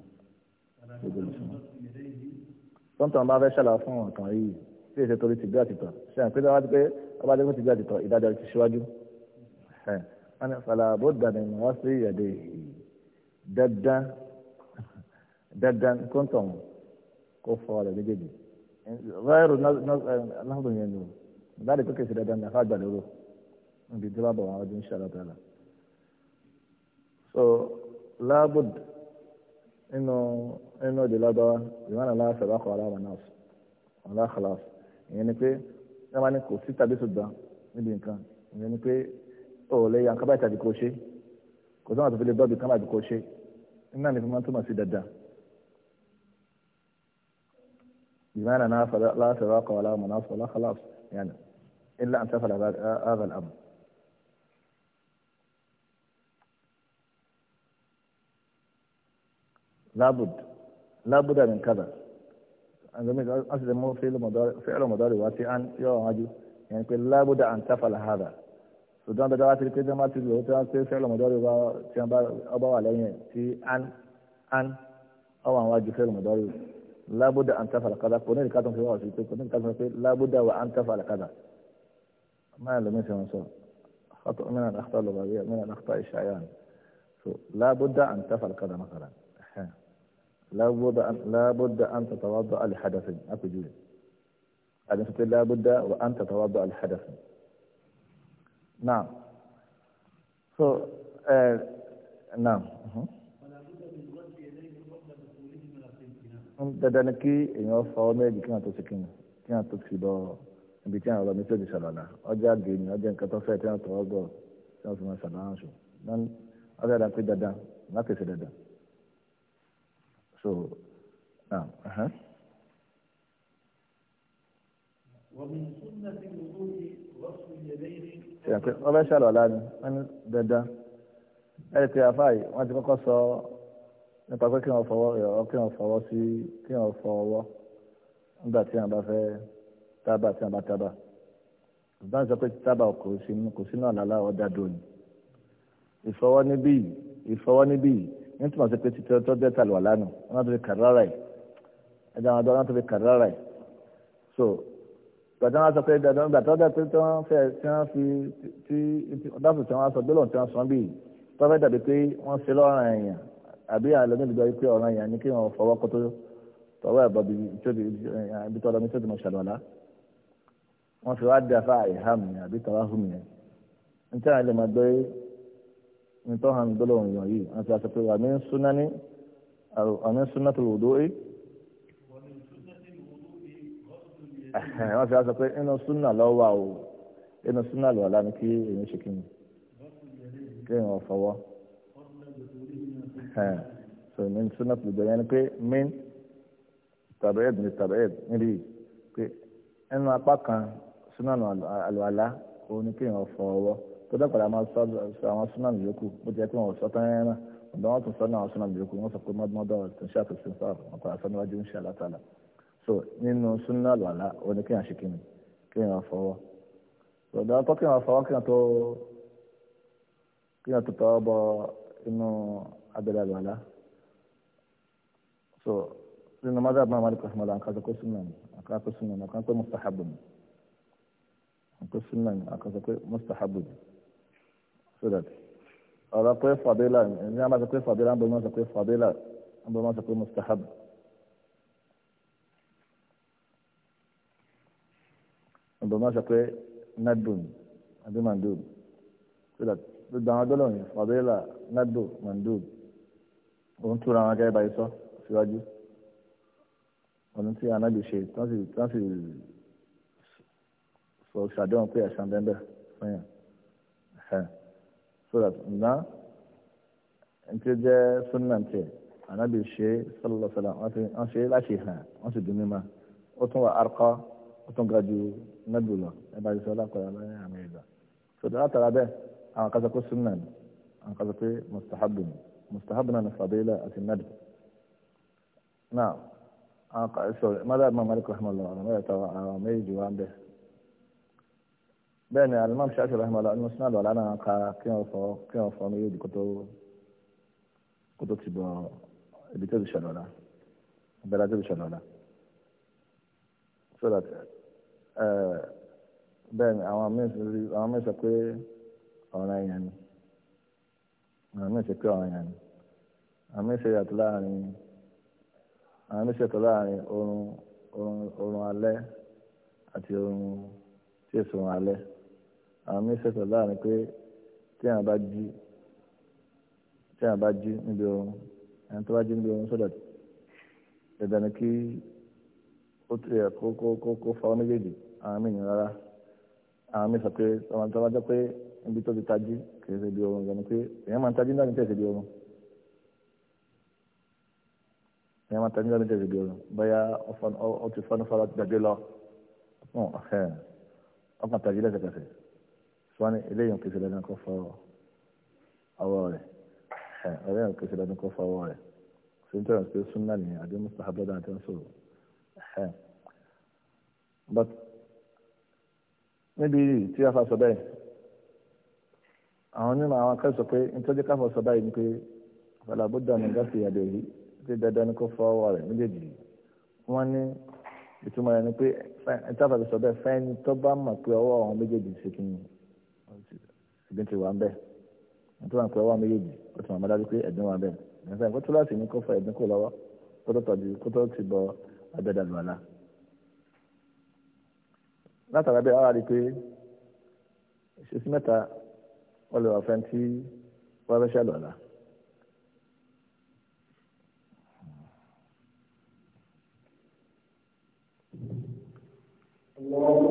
gbogbo ìṣúná. tọ́ntàn bá fẹ́ ṣàlàyé fún ọ̀tàn yìí tí èsè torí ti gbé àtìtọ̀ ṣe àpé tí wọ́n ti pé ọba dẹ́kun ti gbé àtìtọ̀ ìdájọ́ ti ṣíwájú. wọ́n ní dandan kóńtọ̀n kó fọ ọ̀rẹ́ méjèèjì rẹ́rù aláhùn eh, yẹn nù láti pé kèsì dandan ní afá àgbàlérò níbi tí wọ́n bọ̀ wọn ọdún ṣe àlọ́tà là so láàbùd nínú nínú òde lágbára ìwọ́n àlá sàbákọ̀ aláwọ̀ náà ọ̀là kàlàs ìyẹn ni pé wọ́n máa ní kò sí tàbí ṣùgbọ́n níbi nǹkan ìyẹn ni pé ó lè yan kábàáyé tàbí kò ṣe kò sọ́nà tó fi lè bọ́ọ̀bì kábàáyé kò ṣe nínú àná ìfimọ́ tó mọ̀ sí dandan. بمعنى أنها لا سباق ولا مناص ولا خلاص يعني إلا أن تفعل هذا الأمر لابد لابد من كذا عندما أستخدم فعل مدار فعل مضارع واسعا يعاد يعني يقول لابد أن تفعل هذا سودان بدأت الكلمة ما تقول فعل مدار مضارع أبو عليه في أن أن أو أن واجه فعل مدار لا بد أن تفعل كذا كونين كاتم في واشيطة كونين كاتم في لا بد وأن تفعل كذا ما لم يسمى منصوب خطأ من الأخطاء اللغوية من الأخطاء الشعيان لا بد أن تفعل كذا مثلا لا بد أن لا بد أن تتوضأ لحدث أكو جوي أن لا بد وأن تتوضأ لحدث نعم so uh, نعم uh -huh. dandan ni kí èèyàn fa ọ méjì kí wọn tó ṣe kí wọn kí wọn tó fi lọ ibi tí àwọn ọlọmọ tó ti ṣàlọlá ọjà gèèyàn ọjà nǹkan tó fẹ́ tí wọn tọwọ́ gbọ́ tí wọn fi máa ṣàlọlá ṣù ọjà dà pé dandan láti ṣe dandan so now. Uh-huh. ṣe àpẹ ọlọ́ṣàlọ́lá ni wọ́n ní dandan ẹ̀rì pé àfáà yìí wọ́n ti nípa pé kí wọ́n fọwọ́ ìrọ̀rọ̀ kí wọ́n fọwọ́ sí kí wọ́n fọwọ́ nígbà tí wọ́n bá fẹ́ tábà tí wọ́n bá tábà ìgbà sọ pé tábà kò sínú àlàlà ọ̀dà dòní ìfọwọ́ níbí ìfọwọ́ níbí nítorí wọn sọ pé títí ọjọ́ dẹ́ta lọ lánàá wọn tó fi kàrárà yìí ẹ̀dá wọn dọ́ wọn tó fi kàrárà yìí so gbàtà wọn sọ pé dandan gbàtà ọjà pé tí wọn fẹ́ tí wọn fi tí ọdásùn tí wọn sọ gbẹlọ tí wọn sọ bíi tọ́fẹ́ dàbí pé wọ́n ṣe lọ́rùn èèyàn àbí àlọ́gbọ́n ti gbọ́ pé ọ̀ràn yẹn ni kí wọ́n fọwọ́ kótó tọwọ́ ẹ̀bọ̀ bí tóbi ibi tọ́lọ́ mi tóbi mọ̀ ṣàlọ́lá wọ́n fi wá dé afá ìhàmù yẹn àbí tawahum yẹn n tí àwọn ilé máa gbé n tó hàn gbólóhùn yàn yìí wọ́n ti wá sọ pé wà mí súná ní wà mí súná tó lòdó é wọ́n fi wá inú súná lọ́wọ́ wa inú súná lọ́wọ́ lá kí èyí ṣe kí ni kí èyí wọ́n fọwọ́ so min sunna tó bẹ̀rẹ̀ ni pé min tàbẹ̀ẹ́d ni tàbẹ̀ẹ́d níbi pé ẹnu apá kan sunna àlùwàlá òun ni kéèyàn fọ ọwọ́ tó dẹ́kọ̀ọ́ àwọn sunna yòókù bó ti yẹ kí wọ́n sọ tán yẹn náà ọ̀dọ́ wọn tún sọ náà sunna yòókù wọ́n sọ pé mọ́dúnmọ́dọ́ tó ń ṣe àtúnṣe ń sọ̀rọ̀ wọn kò àṣọ níwájú ń ṣe àlátàlá so nínú sunna àlùwàlá òun ni kéèyàn ṣe kíni kéèyàn fọwọ́ ọ̀dọ́ tó kéèyàn fọwọ́ kéèyàn tó kéèyàn tó tọ́ abẹ́rẹ́ àlùwàlá so nínú mọ́tà bá wàlúkọ̀ ọ̀sán mọ́tà nǹkan sọ súnà ni nǹkan sọ súnà ni nǹkan pé mustahabu ni nǹkan súnà ni nǹkan sọ pé mustahabu ni so that ọ̀rọ̀ pé fàdélà ní àwọn sọ pé fàdélà ń bọ̀ wọ́n sọ pé fàdélà ń bọ̀ wọ́n sọ pé mustahabu. ọ̀dọ̀ máa sọ pé nadun àbí mandub so that gbogbo àwọn dọ́là yẹn fàdélà nadun mandub òun túra wọn gẹ́gẹ́ báyìí sọ síwájú ọdún tí anábì ṣe tán sì tán sì sọ ṣàdéhùn pé ẹ̀sán bẹ́ẹ̀ fún yàn ẹ̀hẹ́n so that ǹdá n tí ó jẹ́ sunna ń tiẹ̀ anábì ṣe sallallahu alaihi wasallam wọ́n ṣe láti hàn wọ́n sì dùn mí ma ó tún wà arkọ́ ó tún ga ju nẹ́bù lọ ẹ bá sọ lápẹ̀rẹ̀ lẹ́yìn àmì ìgbà so látara bẹ́ẹ̀ àwọn kan sọ àwọn kan mustahabu ni. مستحب من الندب نعم ماذا الإمام مالك رحمه الله عليه ماذا يجي عنده bẹ́ẹ̀ni alimam ṣáṣọ rahim ala ọdún sinadu alana ka kí wọn fọ kí wọn fọ méjèèjì kótó kótó ti bọ ti ṣẹlẹ̀ ọla abẹ́rẹ́ tó ti ṣẹlẹ̀ so that bẹ́ẹ̀ni àmì ìṣèpé ọ̀ràn yẹn ni àmì ìṣe yàtọ̀ láàrin àmì ìṣètò láàrin oorun oorun oorun alẹ́ àti oorun tí èso oorun alẹ́ àmì ìṣètò láàrin pé tí àwọn bá jí tí àwọn bá jí níbi oorun ẹni tó bá jí níbi oorun sódà dandan ni kí ó tẹ kó kó kó kó fa ọ méjèèjì àwọn mí nìyẹn rárá àwọn mí sọ bá jẹ pé níbi tó ti tají kì í ṣe bí ọrùn ìgbàni pé èèyàn máa ń tajú náà ní tẹ̀sí bí ọrùn èèyàn máa ń tajú náà ní tẹ̀sí bí ọrùn bóyá ó ti fọ́nú fọ́nú ti dàgbé lọ ọkàn tajú lẹ́sẹ̀kẹsẹ̀ sọ́ni eléyìí kì í ṣe dandan kó fọ ọwọ́ rẹ̀ eléyìí kì í ṣe dandan kó fọ ọwọ́ rẹ̀ sèǹtẹ̀ rẹ̀ pé súnmọ́ ni àdé mustapha bọ́dà àti sọ̀rọ̀ but níbi tí a fa sọ bẹ́ẹ̀ àwọn onímọ̀ àwọn akẹ́sọ̀ pé nítorí káfọ́ sọ báyìí ni pé fàlàbúdà ní gáàsì ìyàdẹ̀ yìí ti dandan ni kó fọ ọwọ́ rẹ̀ méjèèjì yìí wọ́n ní ìtumọ̀ rẹ̀ ni pé ìtàfàbí sọ bẹ́ẹ̀ fẹ́ni tó bá mọ̀ pé ọwọ́ àwọn méjèèjì ṣe kí ni ẹ̀gbìn ti wà ń bẹ̀ nítorí wọn pé ọwọ́ méjèèjì ó ti mọ̀ mọ́dájú pé ẹ̀gbìn wà ń bẹ́ẹ̀ wọ́n rí pé ìṣesí mẹ́ta wọ́n lè wà fẹ́ tí wọ́n fẹ́ ṣàlọ́lá. Wow.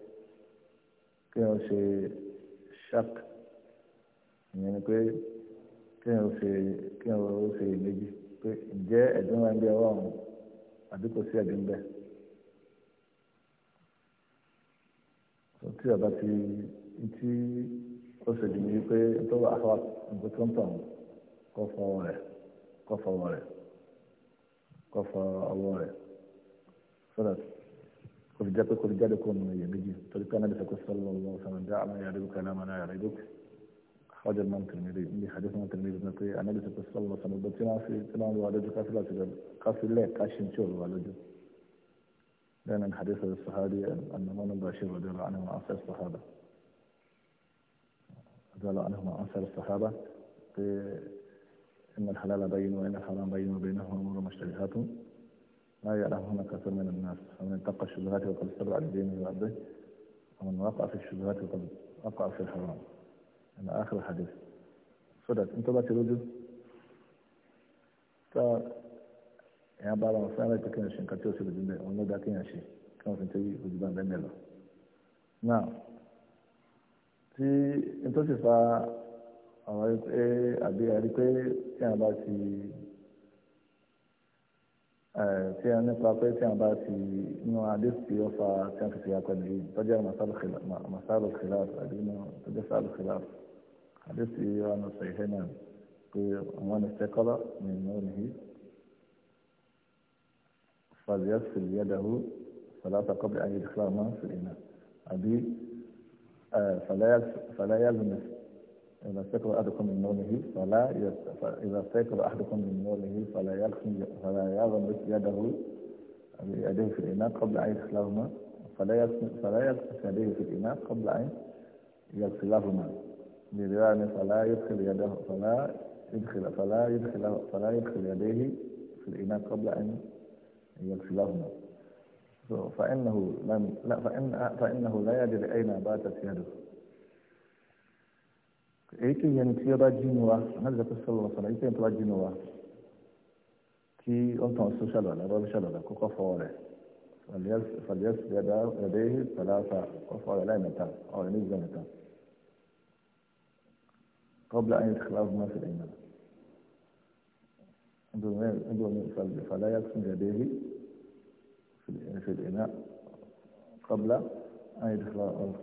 kí wọ́n ṣe ìyẹn ni pé ṣe ṣe ìmejì pé ǹjẹ́ ẹ̀dùn ń ọwọ́ àwọn àbí kò sí ẹ̀dùn bẹ́ẹ̀. tí ti tí ó ṣe pé tó wà nǹkan tó ń tàn fọ kò fi jẹ́ pé kò fi jáde kó nu iye méjì torí pé anábìsẹ̀ kò sọ́lọ́ lọ́wọ́ sọ́nà dá àmà yàrá ìdókè aláma náà yàrá ìdókè ọjọ́ náà tìrìmìrì ní hadith náà tìrìmìrì ní pé anábìsẹ̀ kò sọ́lọ́ sọ́nà bó tí wọ́n fi tí wọ́n wà lójú káfílà ti káfílẹ̀ káṣí tí òru wà lójú. لأن الحديث الصحابي أن من بشير رضي الله عنه مع أنصار الصحابة رضي الله عنه مع أنصار الصحابة إن الحلال بين وإن الحرام بين وبينهما أمور مشتبهات لا يعلمون هناك من الناس فمن اتقى الشبهات وقد استبع لدينه وعبده ومن وقع في الشبهات وقد وقع في الحرام من آخر الحديث صدق انت بقى تلوجه ف يا بعد ما سألنا تكين الشيء كانت توصل بالجنبه وانه دا كين الشيء كانت وجبان بين نعم tí n tó sì fa àwọn ẹni pé àbí ẹni tí a nípa pé tí a bá ti inú àdéhùn yóò fa tí a fi ṣe àpẹẹrẹ tọ́jú masáàlù khilaf àbí inú tọ́jú sáàlù khilaf àdéhùn yóò wà ní sọ̀yẹ́ náà pé àwọn ní sẹ́kọ́lá ní inú nìyí fàzíyàsì fìlíyàdàhù sàlátà kọ́bí ayélujára máa ń fìlì náà àbí fàlàyà lùmẹ̀sì. إذا استيقظ أحدكم من نومه فلا إذا استيقظ أحدكم من نومه فلا يلقي فلا يغمس يده يده في الإناء قبل أن يغسلهما فلا فلا يغسل يده في الإناء قبل أن يغسلهما برواية فلا يدخل يده فلا يدخل فلا يدخل فلا يدخل يديه في الإناء قبل أن يغسلهما فإنه لم لا فإن فإنه لا يدري أين باتت يده èyíkéyìí ẹni tí ó bá jí nu wa anábìyẹ kó sọlọ sọlọ èyíkéyìí tó bá jí nu wa kí ó tàn sí ṣàlọlẹ bá ṣàlọlẹ kókó fọwọ́ rẹ̀ fàlíyẹsì ẹdá ẹdẹ tàlàfà kọfọ rẹ̀ láìmẹ́ta ọ̀rẹ́ ní ìgbà mẹ́ta kọbla ayé tìkìláàbù má fìlẹ ìmọ ndomi fàlíyẹsì ẹdẹ fìlẹ ìmọ kọbla ayé tìkìláàbù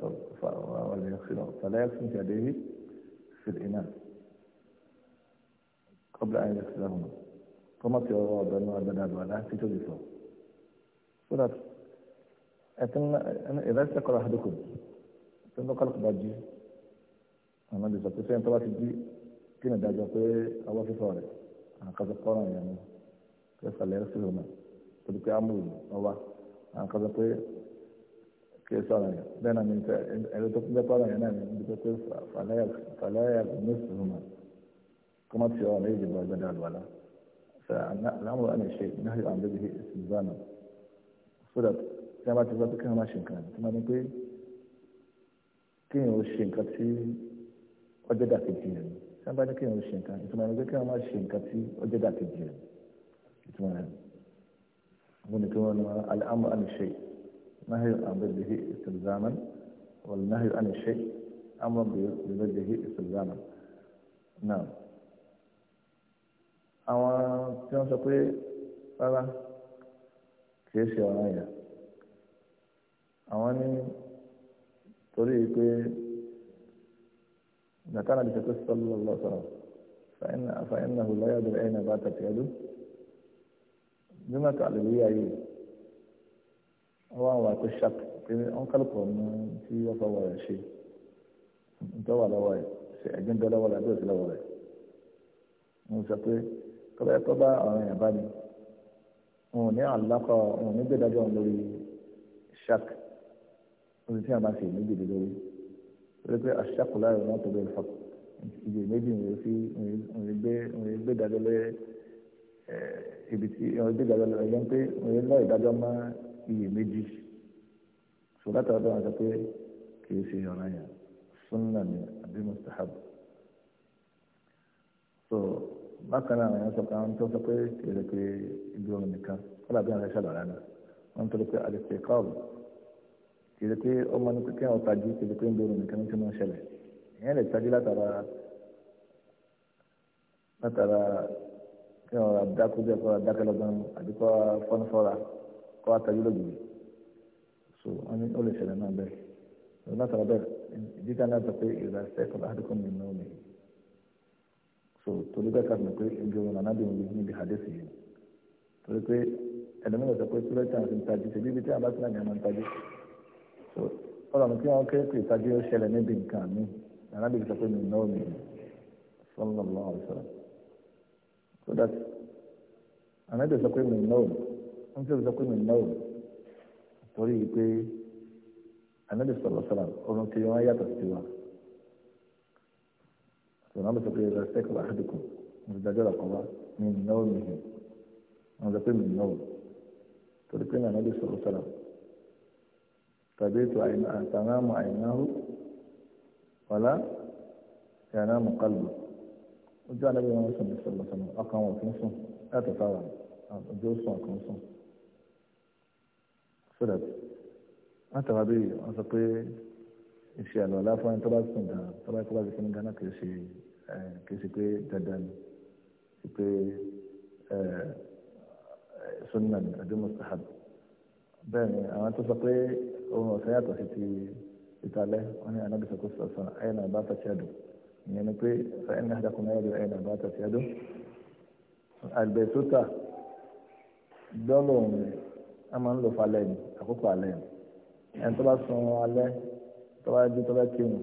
fàlíyẹsì ẹdẹ fìlẹ ìmọ. في الإناء قبل أن يغسلهما فما تيرى بنو بنات ولا تجلسوا صلاة أتم إذا استقر أحدكم تنو قلق باجي أنا دي سأقول سيئن طلعت دي كنا داجة قوي أول في فارق أنا قد القرآن يعني كيف قال لي يغسلهما تبقى عمرو الله أنا قد قوي kìí sọ̀rọ̀ yẹn bẹ́ẹ̀ náà ní sẹ́ ẹ̀rọ tó kúndé pọ́nrọ̀ yẹn náà ní ibi tó pé fàlẹ́yà ní sùnmọ̀ kọ́mọ́ tí ọ̀rọ̀ méjì bọ́ ẹgbẹ́ dàlú wa la ṣe àlámù ẹni ṣe náà yóò àmì bíi ìsìnzánu so that tí a bá ti sọ pé kéèyàn má ṣe nǹkan tí wọ́n ní pé kéèyàn ó ṣe nǹkan tí ọjọ́ dà kejì rẹ̀ tí wọ́n bá ní kéèyàn ó ṣe nǹkan ìtumọ̀ ẹni pé kéèyàn má ṣe nǹkan tí ọjọ́ dà kejì rẹ̀ ìtumọ̀ ẹni. mo ní kí wọ́n ní alámù ẹni ṣe نهي عن ضده استلزاما والنهي عن الشيء أمر بضده استلزاما نعم àwọn tí wọ́n sọ pé rárá kìí ṣe ọ̀ràn yẹn àwọn ní torí pé nàtàlà ti sẹ́kọ̀ sọ́lọ́ lọ sọ̀rọ̀ fàyínà hùlọ́yà bẹ̀rẹ̀ ẹ̀yìn àbá tàbí ẹ̀dú nígbà tó àlèlúyà yìí wọ́n wà tó ṣak pé wọ́n kálukọ̀ mú tí wọ́n fọ́ wọ̀ rẹ̀ ṣe nítorí wà lọ́wọ́ rẹ̀ ṣe ẹ̀jẹ̀ ń bẹ lọ́wọ́ rẹ̀ àbẹ́òsí lọ́wọ́ rẹ̀ wọ́n sọ pé tọ́ba ẹ̀kọ́ bá ọ̀ràn yẹn bá ní wọn ò ní àlákọ̀ wọn ò ní gbẹdájọ́ wọn lórí ṣak oṣù tí wọn bá ṣe méjìlél lórí lórí pé aṣáku láàrin wọn tó bẹ́ẹ̀ fọ́ ìdè méjì ń fi ń gbé iyèméjì sọ láti ọdún wọn pé kì í ṣe ọ̀ràn yà sunna ni àbí mustahab so bákan náà àwọn sọ pé àwọn tó sọ pé kìí ṣe pé ibi orin nìkan kó làbí àwọn ẹ̀ṣẹ̀ lọ́la náà wọ́n ń tọ́lé pé àlèkè káàbù kì kìí ṣe pé ọmọ ní kékeré ọ̀tá tajú kìí ṣe pé ibi orin nìkan ní tí wọ́n ṣẹlẹ̀ ìyẹn lè tají látara látara kí wọ́n dákú bí ẹ̀kọ́ dákẹ́ lọ́gbọ́n àbíkọ́ fọ́nfọ́ra. ọ àtàjú lọ́gbìnrin so wọn ní ó lè ṣẹlẹ̀ náà bẹ́ẹ̀ lọ́nà tàbí bẹ́ẹ̀ jíjà náà sọ pé ìlà sẹ́kọ̀ọ́ àdúgbò mi náà mi so torí bẹ́ẹ̀ káfíń pé ibi òun nàná bí òun níbi àdéhùn yìí torí pé ẹ̀dọ́mọ̀ sọ pé túlẹ̀ tí a ti ń tajú ṣe bíbi tí a bá ti náà ní a so ọ̀rọ̀ mi kí wọ́n kéré pé ìtajú ó ṣẹlẹ̀ níbi nǹkan mi nàná bí sọ pé mi náà mi sallallahu alaihi so that àná bí sọ pé mi náà mi ń tẹ̀lé sọ pé mi náà torí pé anabi sọ̀rọ̀ sọ̀rọ̀ ọ̀run tí wọ́n yàtọ̀ sí wa sọ̀rọ̀ náà sọ pé ẹ̀rọ sẹ́kọ̀ wà hádùkù mo ti dájọ́ ọ̀kọ́ wa mi náà mi hì wọ́n sọ pé mi náà torí pé anabi sọ̀rọ̀ sọ̀rọ̀ tàbí ètò àtànámù àìnáhù wàlá ìyànámù kálùbù ojú anabi wọn sọ̀rọ̀ sọ̀rọ̀ ọkàn wọn kì í sùn láti fáwọn ojú ó sùn ọkàn sùn so that látara bí wọ́n sọ pé ìṣe àlọ́lá fún ẹni tó bá sùn gan tó bá kó bá ti fún gan náà kì í ṣe kì í ṣe pé dandan ni sí pé sunna ni àbí mustahab bẹ́ẹ̀ ni àwọn tó sọ pé ohun ọ̀sẹ̀ yàtọ̀ sí ti ìtàlẹ́ wọn ni anábìsọ kó sọ sọ ẹ̀yìn náà bá tàṣẹ dùn ìyẹn ni pé ẹ̀yìn náà dàkún ẹ̀yìn náà ẹ̀yìn náà bá tàṣẹ dùn àgbẹ̀sọ́tà dọ́lọ̀ òun a máa ń lò fún alẹ́ ni àkókò alẹ́ ni ẹni tó bá sun alẹ́ tó bá dé tó bá kírun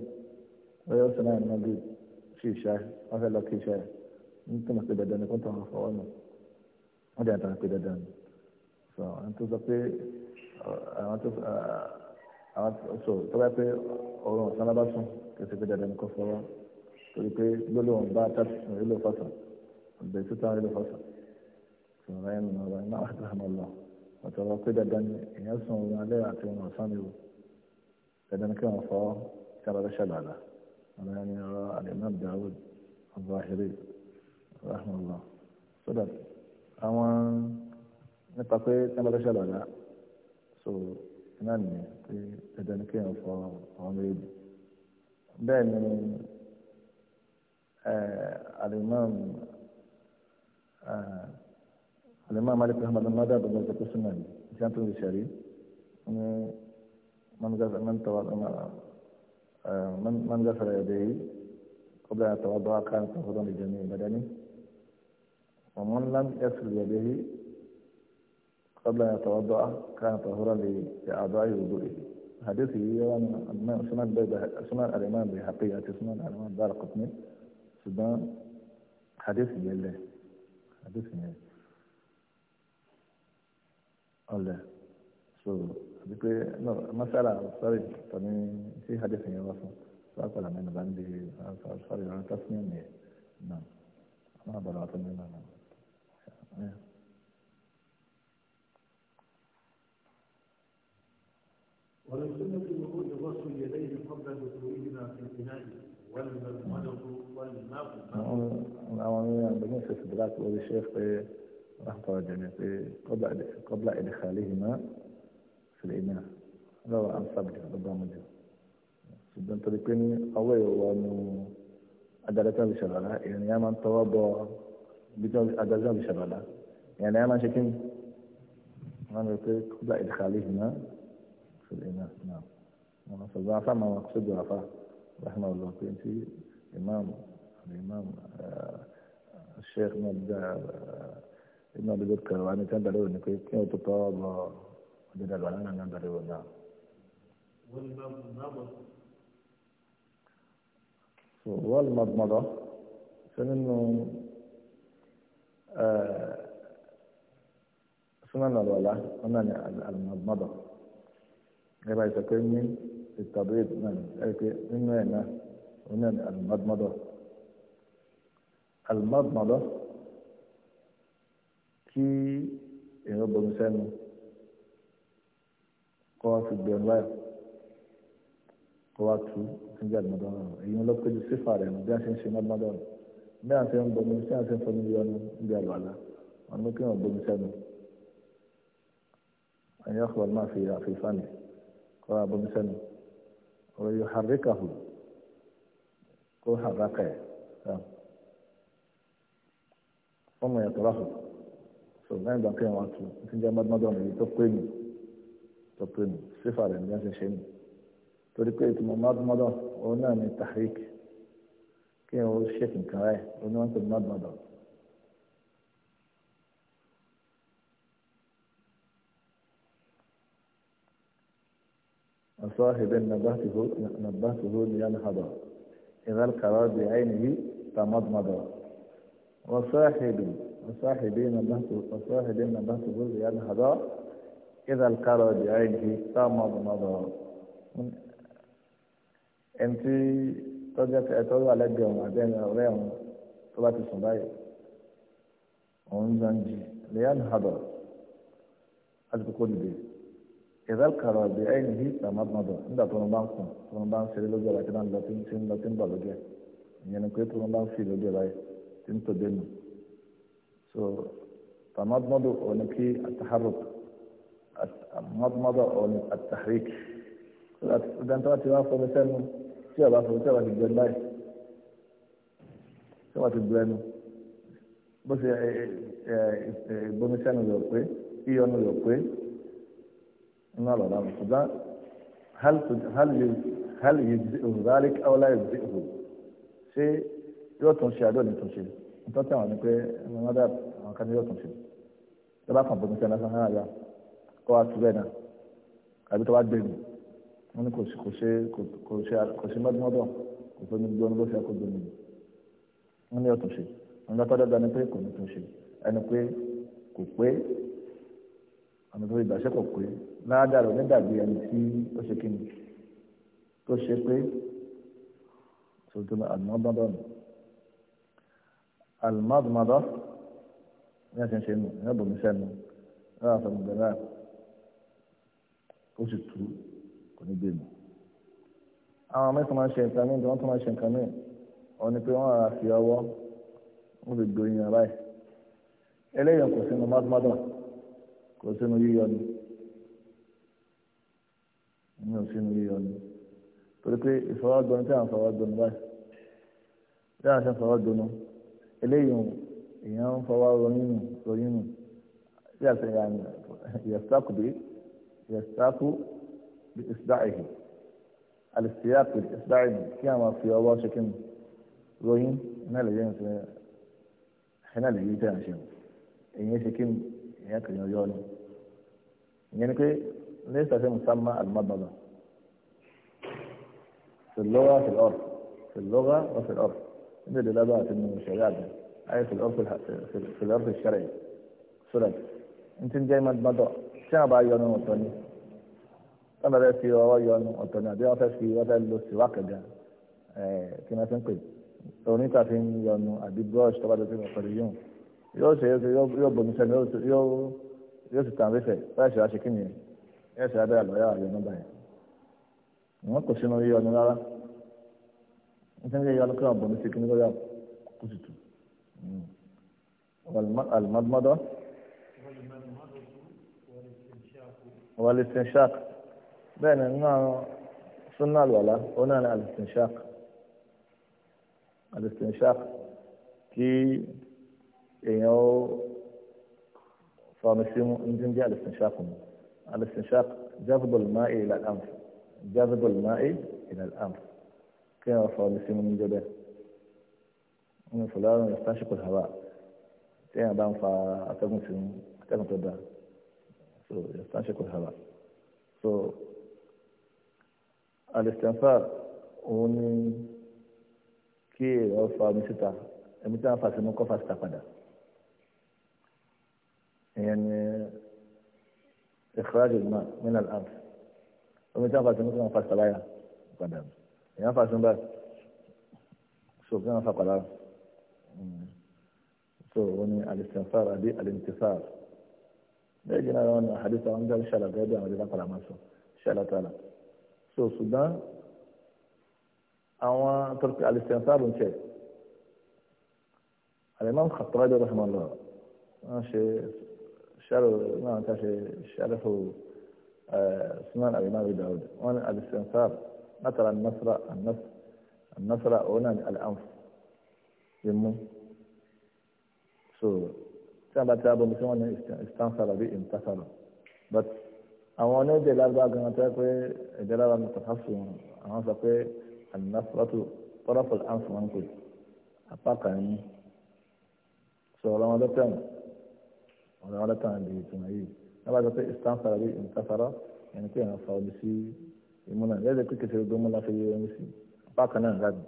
lórí ọ̀sẹ̀ náà ní ọdún sí ìṣá wọ́n fẹ́ lọ kí ìṣá rẹ̀ ní tó máa pè dandan ní kó tó wọn fọwọ́ nù wọ́n dẹ̀ àtàwọn pè dandan ni so àwọn tó sọ pé àwọn tó àwọn so tó bá pé ọ̀rọ̀ ọ̀sán lábá sùn kí ó sì pè dandan ní kó fọwọ́ torí pé gbólóhùn bá tàbí ìlú fọ́sàn ọ̀bẹ̀ tó táwọn ìlú fọ́sàn so ọ̀rọ̀ yẹn nù ọ̀rọ̀ yẹn náà wà ọ̀tọ̀rọ̀ pé dandan ni èèyàn sùn oorun alẹ́ àti oorun ọ̀sán ni o dandan ni kí wọ́n fọ́ sábàbí ṣàlàlà àwọn ẹni ọ̀rọ̀ alimam dawud abdulrahiri rahmanullah so that àwọn nípa pé sábàbí ṣàlàlà so náà nìyẹn pé dandan ni kí wọ́n fọ́ àwọn méjì bẹ́ẹ̀ ni eh, alimam. Eh, alimami malik ahmad mada bàbá ìjọ kó súnmọ́ yìí ìṣẹ́ tó ń ṣàrí ní man gafara eh, yadayhi qabla an yatawadda kana tahudan li jami'i badani wa man lam yasil yadayhi qabla an yatawadda kana tahudan li a'da'i wudu'ihi حديثي يوان سنن سنن الإمام بحقي سنن الإمام دار قطني سدان حديثي يلي حديثي يلي ọ̀lẹ̀ so àti pé masala sọ́rí tọ́ni tí hadith yẹn wá fún sọ́rí padà mẹ́nu bá ń di sọ́rí rán tásínì nìyẹn náà àwọn àbọ̀dọ̀ àtọ́ nínú náà. ولسنة الوضوء غسل يديه قبل دخولهما في البناء والمضمضة والماء. أنا أنا بنفس إدراك أول شيخ أخطأ جميع في قبل قبل إدخالهما في الإناء روى عن صبري رضي الله ṣùgbọ́n torí pé ní ọwọ́ ìwọ nu adájọ́ tàbí ṣàlàlá ìrìn yà máa ń tọwọ́ bọ ibi tí adájọ́ tàbí ṣàlàlá ìrìn yà máa ń ṣe kíni wọ́n ń lọ pé kúbla ìdíkàlẹ̀ ìhìnà ṣùgbọ́n ìhìnà náà wọ́n sọ gbọ́n afá máa wà sójú afá láti máa lọ pé tí imam imam sheikh náà dá inú àdúgbò kan wà ní tí wọ́n bẹ̀rẹ̀ òní pé kí wọ́n tó tọ́ ọ̀bọ̀ ọdún dàgbà lánàá ní wọ́n bẹ̀rẹ̀ òní náà. wọ́n mọ̀ mọ̀dọ́ sí nínú súnmọ́nà lọ́la wọn náà ní àlùmọ̀dọ́ gẹ́gẹ́ bá ṣe pé ní التبريد من من هنا هنا المضمضة المضمضة kí èèyàn bomi sẹ́nu kó wá fi gbẹ̀rù báyìí kó wá tu níjà mọ́dọ́nà èyí ló péjú sífà rẹ̀ bí a ṣe ń ṣe mọ́dọ́nà bí a ṣe ń bomi bí a ṣe ń fọmi yọnu níbi àlùwàlá wọn ní kí wọn bomi sẹ́nu ẹ̀yin ọ̀pọ̀ máa fi àfihàn ni kó wá bomi sẹ́nu ọ̀rọ̀ yóò hàríkà hù kó hàrákà ẹ̀ fọ́ọ̀mù yàtọ̀ láhùn so lẹ́yìn ìgbà kéèyàn wá tu ti jẹ́ mọ́dúnmọ́dún ọ̀nà yìí tó pé nù tó pé nù sífà rẹ̀ ní ẹ̀ṣẹ̀ ṣe nù torí pé ìtumọ̀ mọ́dúnmọ́dún òun náà ni tahrik kéèyàn ó ṣe kìkan rẹ̀ òun ni wọ́n pè mọ́dúnmọ́dún. وصاحب نبهته نبهته لينهض إذا القرار بعينه تمضمض وصاحب وصاحبين البحث وصاحبين البحث جزء الهداء إذا الكرى بعينه تمض مضى أنت tọ́jọ́ tẹ tọ́jọ́ alẹ́ bí ọ̀hún àbẹ́ ẹ̀rọ ọ̀rẹ́ ọ̀hún tó bá ti sùn báyìí ọ̀hún zanji lẹ́yìn hadọ̀ láti kókó dìde ìdá kàrọ̀ ọ̀bẹ ẹ̀yìn hí sàmàdùmọ̀dọ̀ nígbà tó ń bá ń sùn tó ń bá ń ṣeré lójú ọ̀la tí ń lọ tí ń lọ tí ń bọ̀ lójú ẹ̀ ìyẹn ni pé tó ń bá ń fi lójú ọ̀la yìí tí ń tòde nù so tàmọ́dọ́mọ́dọ́ òun ni kí àtàhárùk àmọ́dọ́mọ́dọ́ òun ni àtàhárìk ìdáńtọ́ bá ti wá fọmi sẹ́nu tí ọba fọmi tí ọba ti gbẹ báyìí tí ọba ti gbẹ ẹnu bó ṣe ìgbomi sẹ́nu yóò pé iyọnu yóò pé inú àlọ́lá mi ṣùgbọ́n hal yìí zi òhùn rálík àwọlá yìí zi òhùn ṣé yóò tún ṣe àdó ni tún ṣe nítorí àwọn ni pé ẹni wọn dà àwọn kan ní yóò tún ṣe tó bá kàn bọ́mí sí ẹ̀dá sáà yá kó wá tu bẹ́ẹ̀ náà àbí tó bá gbé mi wọn ni kò sí kò ṣe kò ṣe kò ṣe mọ́dúnmọ́dọ̀ kò tó ní gbóni bó ṣe kó gbóni wọn ni yóò ṣe wọn lọ́tọ́ dọ́gba ni pé kò ní tún ṣe ẹni pé kò pé àmì tó ìgbà ṣẹ́kọ̀ pé ládàrọ̀ nígbàgbé ẹni tí ó ṣe kí ni tó ṣe pé tó tó àmì wọn dọ́dọ̀ المضمضة لكن شيء يبدو مثال رأس المدراء oṣù tù kò ní gbé mi. àwọn mẹ́ta máa ń ṣe nǹkan mí wọ́n tún máa ń ṣe nǹkan mí ọ ni pé wọ́n rà fi ọwọ́ wọ́n fi gbóyin ọ̀rá ẹ̀. eléyìí kò sínú mọ́tòmọ́tò kò sínú yíyọ ni mi ò sínú yíyọ ni torí pé ìfọwọ́dọ́ni tí à ń fọwọ́ dọ́nu báyìí tí à ń ṣe fọwọ́ dọ́nu. eléyìí èèyàn ń fọwọ́ ronyìn nù ronyìn nù sí àṣẹ yẹsàkù bí yẹsàkù bí ìsìdáìhì àlìsíyàkù ìsìdáìhì kí àwọn fi ọwọ́ ṣe kí ni ronyìn náà lè yẹn sọ náà lè yí tẹ̀ àṣẹ èèyàn ṣe kí ni èèyàn kì í yọ ni ìyẹn ni pé ní ìsàṣẹ musamman alimababa في lọ́wọ́ في lọ́wọ́ في lọ́wọ́ وفي lọ́wọ́. مثل لا بأس انه شغال اي في العرف في العرف الشرعي سلم انت جاي ما مضى شنو بقى يوم وطني انا بقى في يوم وطني دي وقت في وقت اللي في وقت ده كما تنقل òní tàfi ń yọnu àbí brush tó bá dọ̀ sí mi pẹ̀lú yóò yóò ṣe yóò bomi sẹ́ni yóò sì tàn fífẹ̀ láì ṣe àṣekínì yẹn ṣe abẹ́rẹ́ àlọ́ yà wà yọnu báyìí wọn kò sínú yíyọnu rárá nítorí ẹ̀yọ́ alùpùpù àbọ̀ ló ṣe kí ní lọ́yà kó tutù hmm. alimadumada walisinshak bẹ́ẹ̀ ni nínú àwọn súnà àlùwàlá ó náà ní alisinshak alisinshak kí èèyàn ó fọwọ́n sí mu ní díndín alisinshak mu alisinshak jazbul ma'i ila al-anf ma'i ila al كيف فالسين من جده أنا فلان يستنشق الهواء تين بان فأتمو سين أتمو تدا so يستنشق الهواء so الاستنفار وني كي أوفا مسيتا متى فاسمو كفاس تقدا يعني إخراج الماء من الأرض ومتى فاسمو كفاس تلايا قدام èèyàn fàṣọ báyìí so kí wọn fà pàlà so wọn ni alistinsar àbí alimtisar bẹ́ẹ̀ jẹ náà wọn ni àhàdìsá wọn gbà ṣàlà gẹ́gẹ́ bí àwọn ìdílé pàlà máa sọ ṣàlà tààlà so ṣùgbọ́n àwọn tọ́lùkì alistinsar ń tẹ̀ alimam Khattabi rahimahullah wọn ṣe ṣàlù náà wọn ṣe ṣàlù sunan alimami Dawud wọn ni alistinsar. látara nasara nasara òun náà ni al-anf imú so tí wọn bá ti abomi tí wọn ní istansara bí intasara but àwọn onídìí lágbàá gan tẹ́ pé ẹ̀jẹ̀ lára mi tàfà sùn àwọn sọ pé al-nasratu tọ́rọ̀fù al-anf wọn pè apá kan yín sọ̀rọ̀ wọn lọ́tẹ̀ ọ̀rọ̀ wọn lọ́tẹ̀ àbí ìtumọ̀ yìí wọn bá sọ pé istansara bí intasara ẹni pé àwọn fa omi sí ìmúna yẹ́n jẹ́ pé kẹsẹ̀ gbogbo múna fi yẹ ẹni sí bákan náà rà mí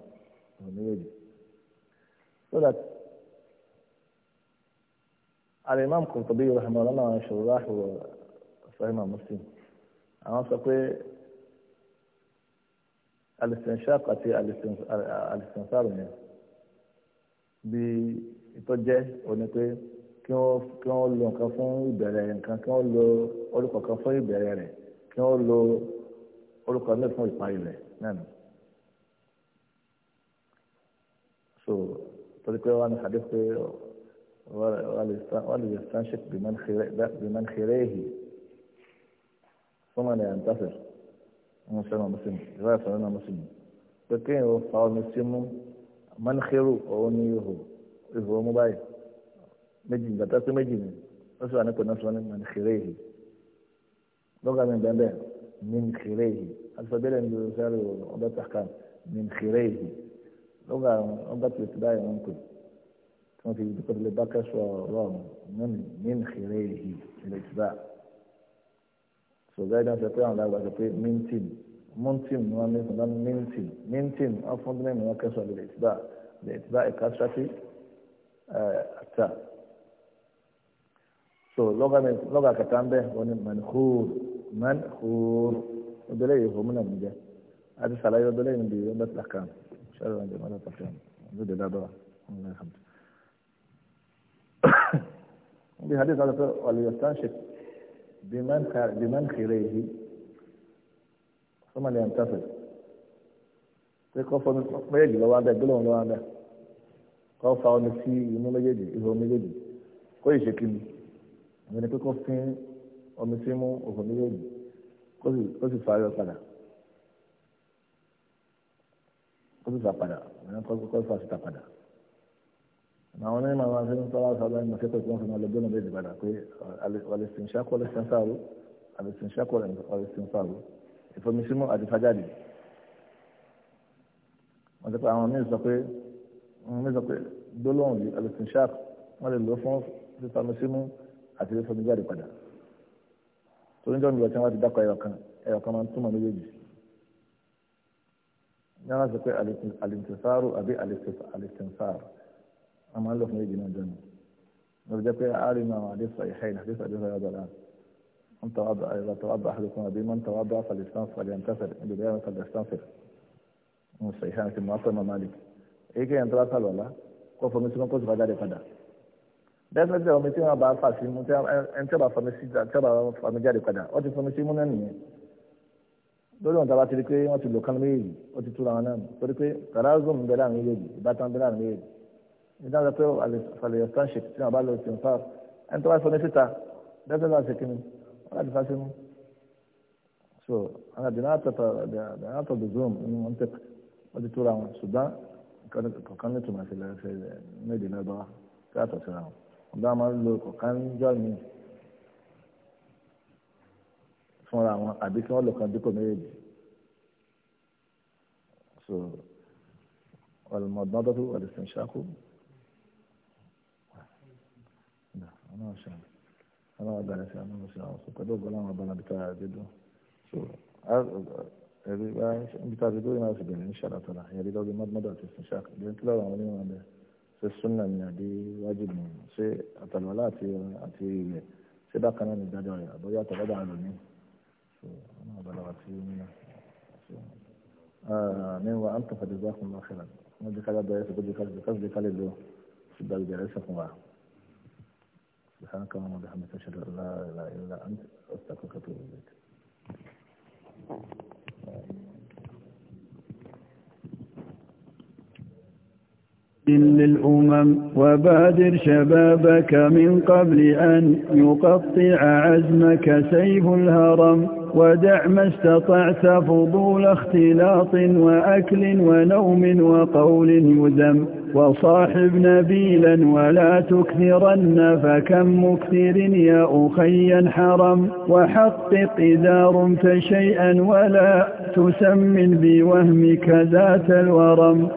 ọ̀rọ̀ méjèèjì so that alimam Qurtubi rahman ọlọ́nà àwọn ṣòro àṣùwọ̀ sahima Muslim àwọn sọ pé alisinshaq àti alisinsaru yẹn bí ìtọ́jẹ́ òní pé kí wọ́n lo nǹkan fún ìbẹ̀rẹ̀ nǹkan kí wọ́n lo orúkọ kan fún ìbẹ̀rẹ̀ rẹ̀ kí wọ́n lo orúkọ náà fún ìparí rẹ̀ náà ni. so torí pé wọn àdé pé wọn lè sanṣẹ́ bìmọ̀ xerèhì fúnmọ̀ ní àǹtàfẹ́ wọn sọ náà mùsùlùmí ìwà ìfọ̀rọ̀ náà mùsùlùmí pé kéèyàn ó fa omi sí mú mọ́nìkẹ́rù òun ní ihò ihò mú báyìí méjì gbàtà pé méjì ni ó sì wà nípò náà sọ ní mọ́nìkẹ́rẹ́hì lọ́gàmì bẹ́ẹ̀ bẹ́ẹ̀. من خيريه الفضيلة من رسالة عمدة أحكام من خيريه لغة عمدة الابتدائي ممكن كما في ذكر لبكش ورام من من خيريه الاتباع سوزاي دان سيطيع على وقتي من تين من تين من تين من تين أفضل من وكش للاتباع لاتباع كثرة التاء so لغة لغة كتامبه ونمنخور manhur ọdọlẹ yìí hó múnà níjẹ àti sàlàyé ọdọlẹ yìí di ọdọ tàkà ṣẹlẹ ọdọ ọdọ tàkà ọdọ dẹdà dọwà ọdọ hàmdu. ndí hadith àti ọlẹ́yọ̀sánṣẹ́ bimankhire yìí sọmọlẹ́ yẹn tẹ́fẹ̀ pé kọ́ fọ́ méjèèjì lọ́wọ́ abẹ́ gbólóhùn lọ́wọ́ abẹ́ kọ́ fa omi sí inú méjèèjì ihò méjèèjì kó ìṣèkìlì àwọn ẹni pé kó fín omi sí mú òfò méjèèjì ó sì fà yọ padà ó sì fà padà ìyẹn kọ́ fà síta padà àwọn onímọ̀ àwọn afẹ́ni tọ́lá sábà ní mọ̀sẹ́kọ̀ tí wọ́n fi máa lọ gbọ́nà bẹ́ẹ̀ padà pé alẹ́sìnṣákọ́ lẹ́sìnṣáàrú alẹ́sìnṣákọ́ lẹ́sìnṣáàrú ìfọ̀mísímọ́ àti fàjáde wọ́n ti pa àwọn míì sọ pé àwọn míì sọ pé gbólóhùn yìí alẹ́sìnṣáàkù wọ́n lè lò fún fífọ̀mísímọ́ àti fífọ̀míjáde padà oníjọ́ mi lọ́sẹ̀ wọn ti dákọ̀ ẹ̀yọ̀kan ẹ̀yọ̀kan máa ń túmọ̀ méjèèjì ní wọn sọ pé alintisaru àbí alintisaru a máa ń lọ fún méjì náà jọ́nà lọ́sẹ̀ jẹ́ pé àárín àwọn àdéṣọ ìhẹ́yìn àdéṣọ àdéṣọ ìyọ̀dọ̀ láà من تواضع إذا تواضع أحدكم أبي من تواضع فليستنصر فلينتصر إن بداية فليستنصر من الصحيحان في المعطل مالك إيه كي ينتظر ولا كفر مثل ما قلت غدا لقدا dẹ́gbẹ́sẹ̀ omi tí wọ́n bá fà sí mu ẹni tí wọ́n bá fọmi sí tí wọ́n bá fọmi jáde padà wọ́n ti fọmi sí mú náà nìyẹn lórí ọ̀tá bá ti rí pé wọ́n ti lò kánú méjèèjì ó ti túra wọn náà nù torí pé tàrázò ń bẹ láàrin méjèèjì ìbátan bẹ láàrin méjèèjì nígbà tó pé àlè friendship tí wọ́n bá lò sí nfa ẹni tó bá fọmi síta dẹ́gbẹ́sẹ̀ náà ṣe kí ni wọ́n láti fà sí mu so àwọn àdìrán àtọ̀ dùzùm ni wọ́n tẹ̀ wọ́n ti túra wọn ṣùgbọ́n kọ̀ọ̀kan ní tùmọ̀ sí lẹ́ẹ̀fẹ́ méjì náà bá yàtọ̀ síra wọn ọba máa ń lo kọ̀ọ̀kan níjọ́ mi fúnra wọn àbí kí wọ́n lò kan dípò méjèèjì so ọ̀lùmọ̀dán tó fi wà lè sìn ṣáko ọlọ́run ṣe ọlọ́run ọgbà ẹ̀sìn àwọn ọmọ ṣe àwọn ọ̀sùn pẹ̀lú ògbọ́n láwọn ọba nàbìtà àdédú so ẹ̀rí bá níbi tá a ti dúró náà sì bẹ̀rẹ̀ ní ṣàlàtàlà ẹ̀rí lọ́gbẹ́ mọ́dọ́mọ́dọ́ àti sìn ṣáko ìgbẹ́ ń kílọ̀ àwọn onímọ̀ ọ̀dẹ́ ṣe súnà ní àbí wájìbù ní ṣe àtàlùwàlá àti àti ilẹ̀ ṣe bákan náà ní ìdájọ́ rẹ̀ àbọ̀yá àtàlọ́dà rẹ̀ ní ọ̀nà àbàlàwà tí ó ní náà. Ah, ní wa àǹtà fàdébà fún wa fẹ́ràn wọ́n jẹ́ kálá bẹ̀rẹ̀ sọ́kọ́ jẹ́ kálá jẹ́ kálá lọ sí ìgbà ìbẹ̀rẹ̀ sọ wa. سبحانك اللهم وبحمدك اشهد ان لا اله الا انت استغفرك واتوب اليك للأمم وبادر شبابك من قبل أن يقطع عزمك سيف الهرم ودع ما استطعت فضول اختلاط وأكل ونوم وقول يذم وصاحب نبيلا ولا تكثرن فكم مكثر يا أخي حرم وحقق إذا رمت شيئا ولا تسمن بوهمك ذات الورم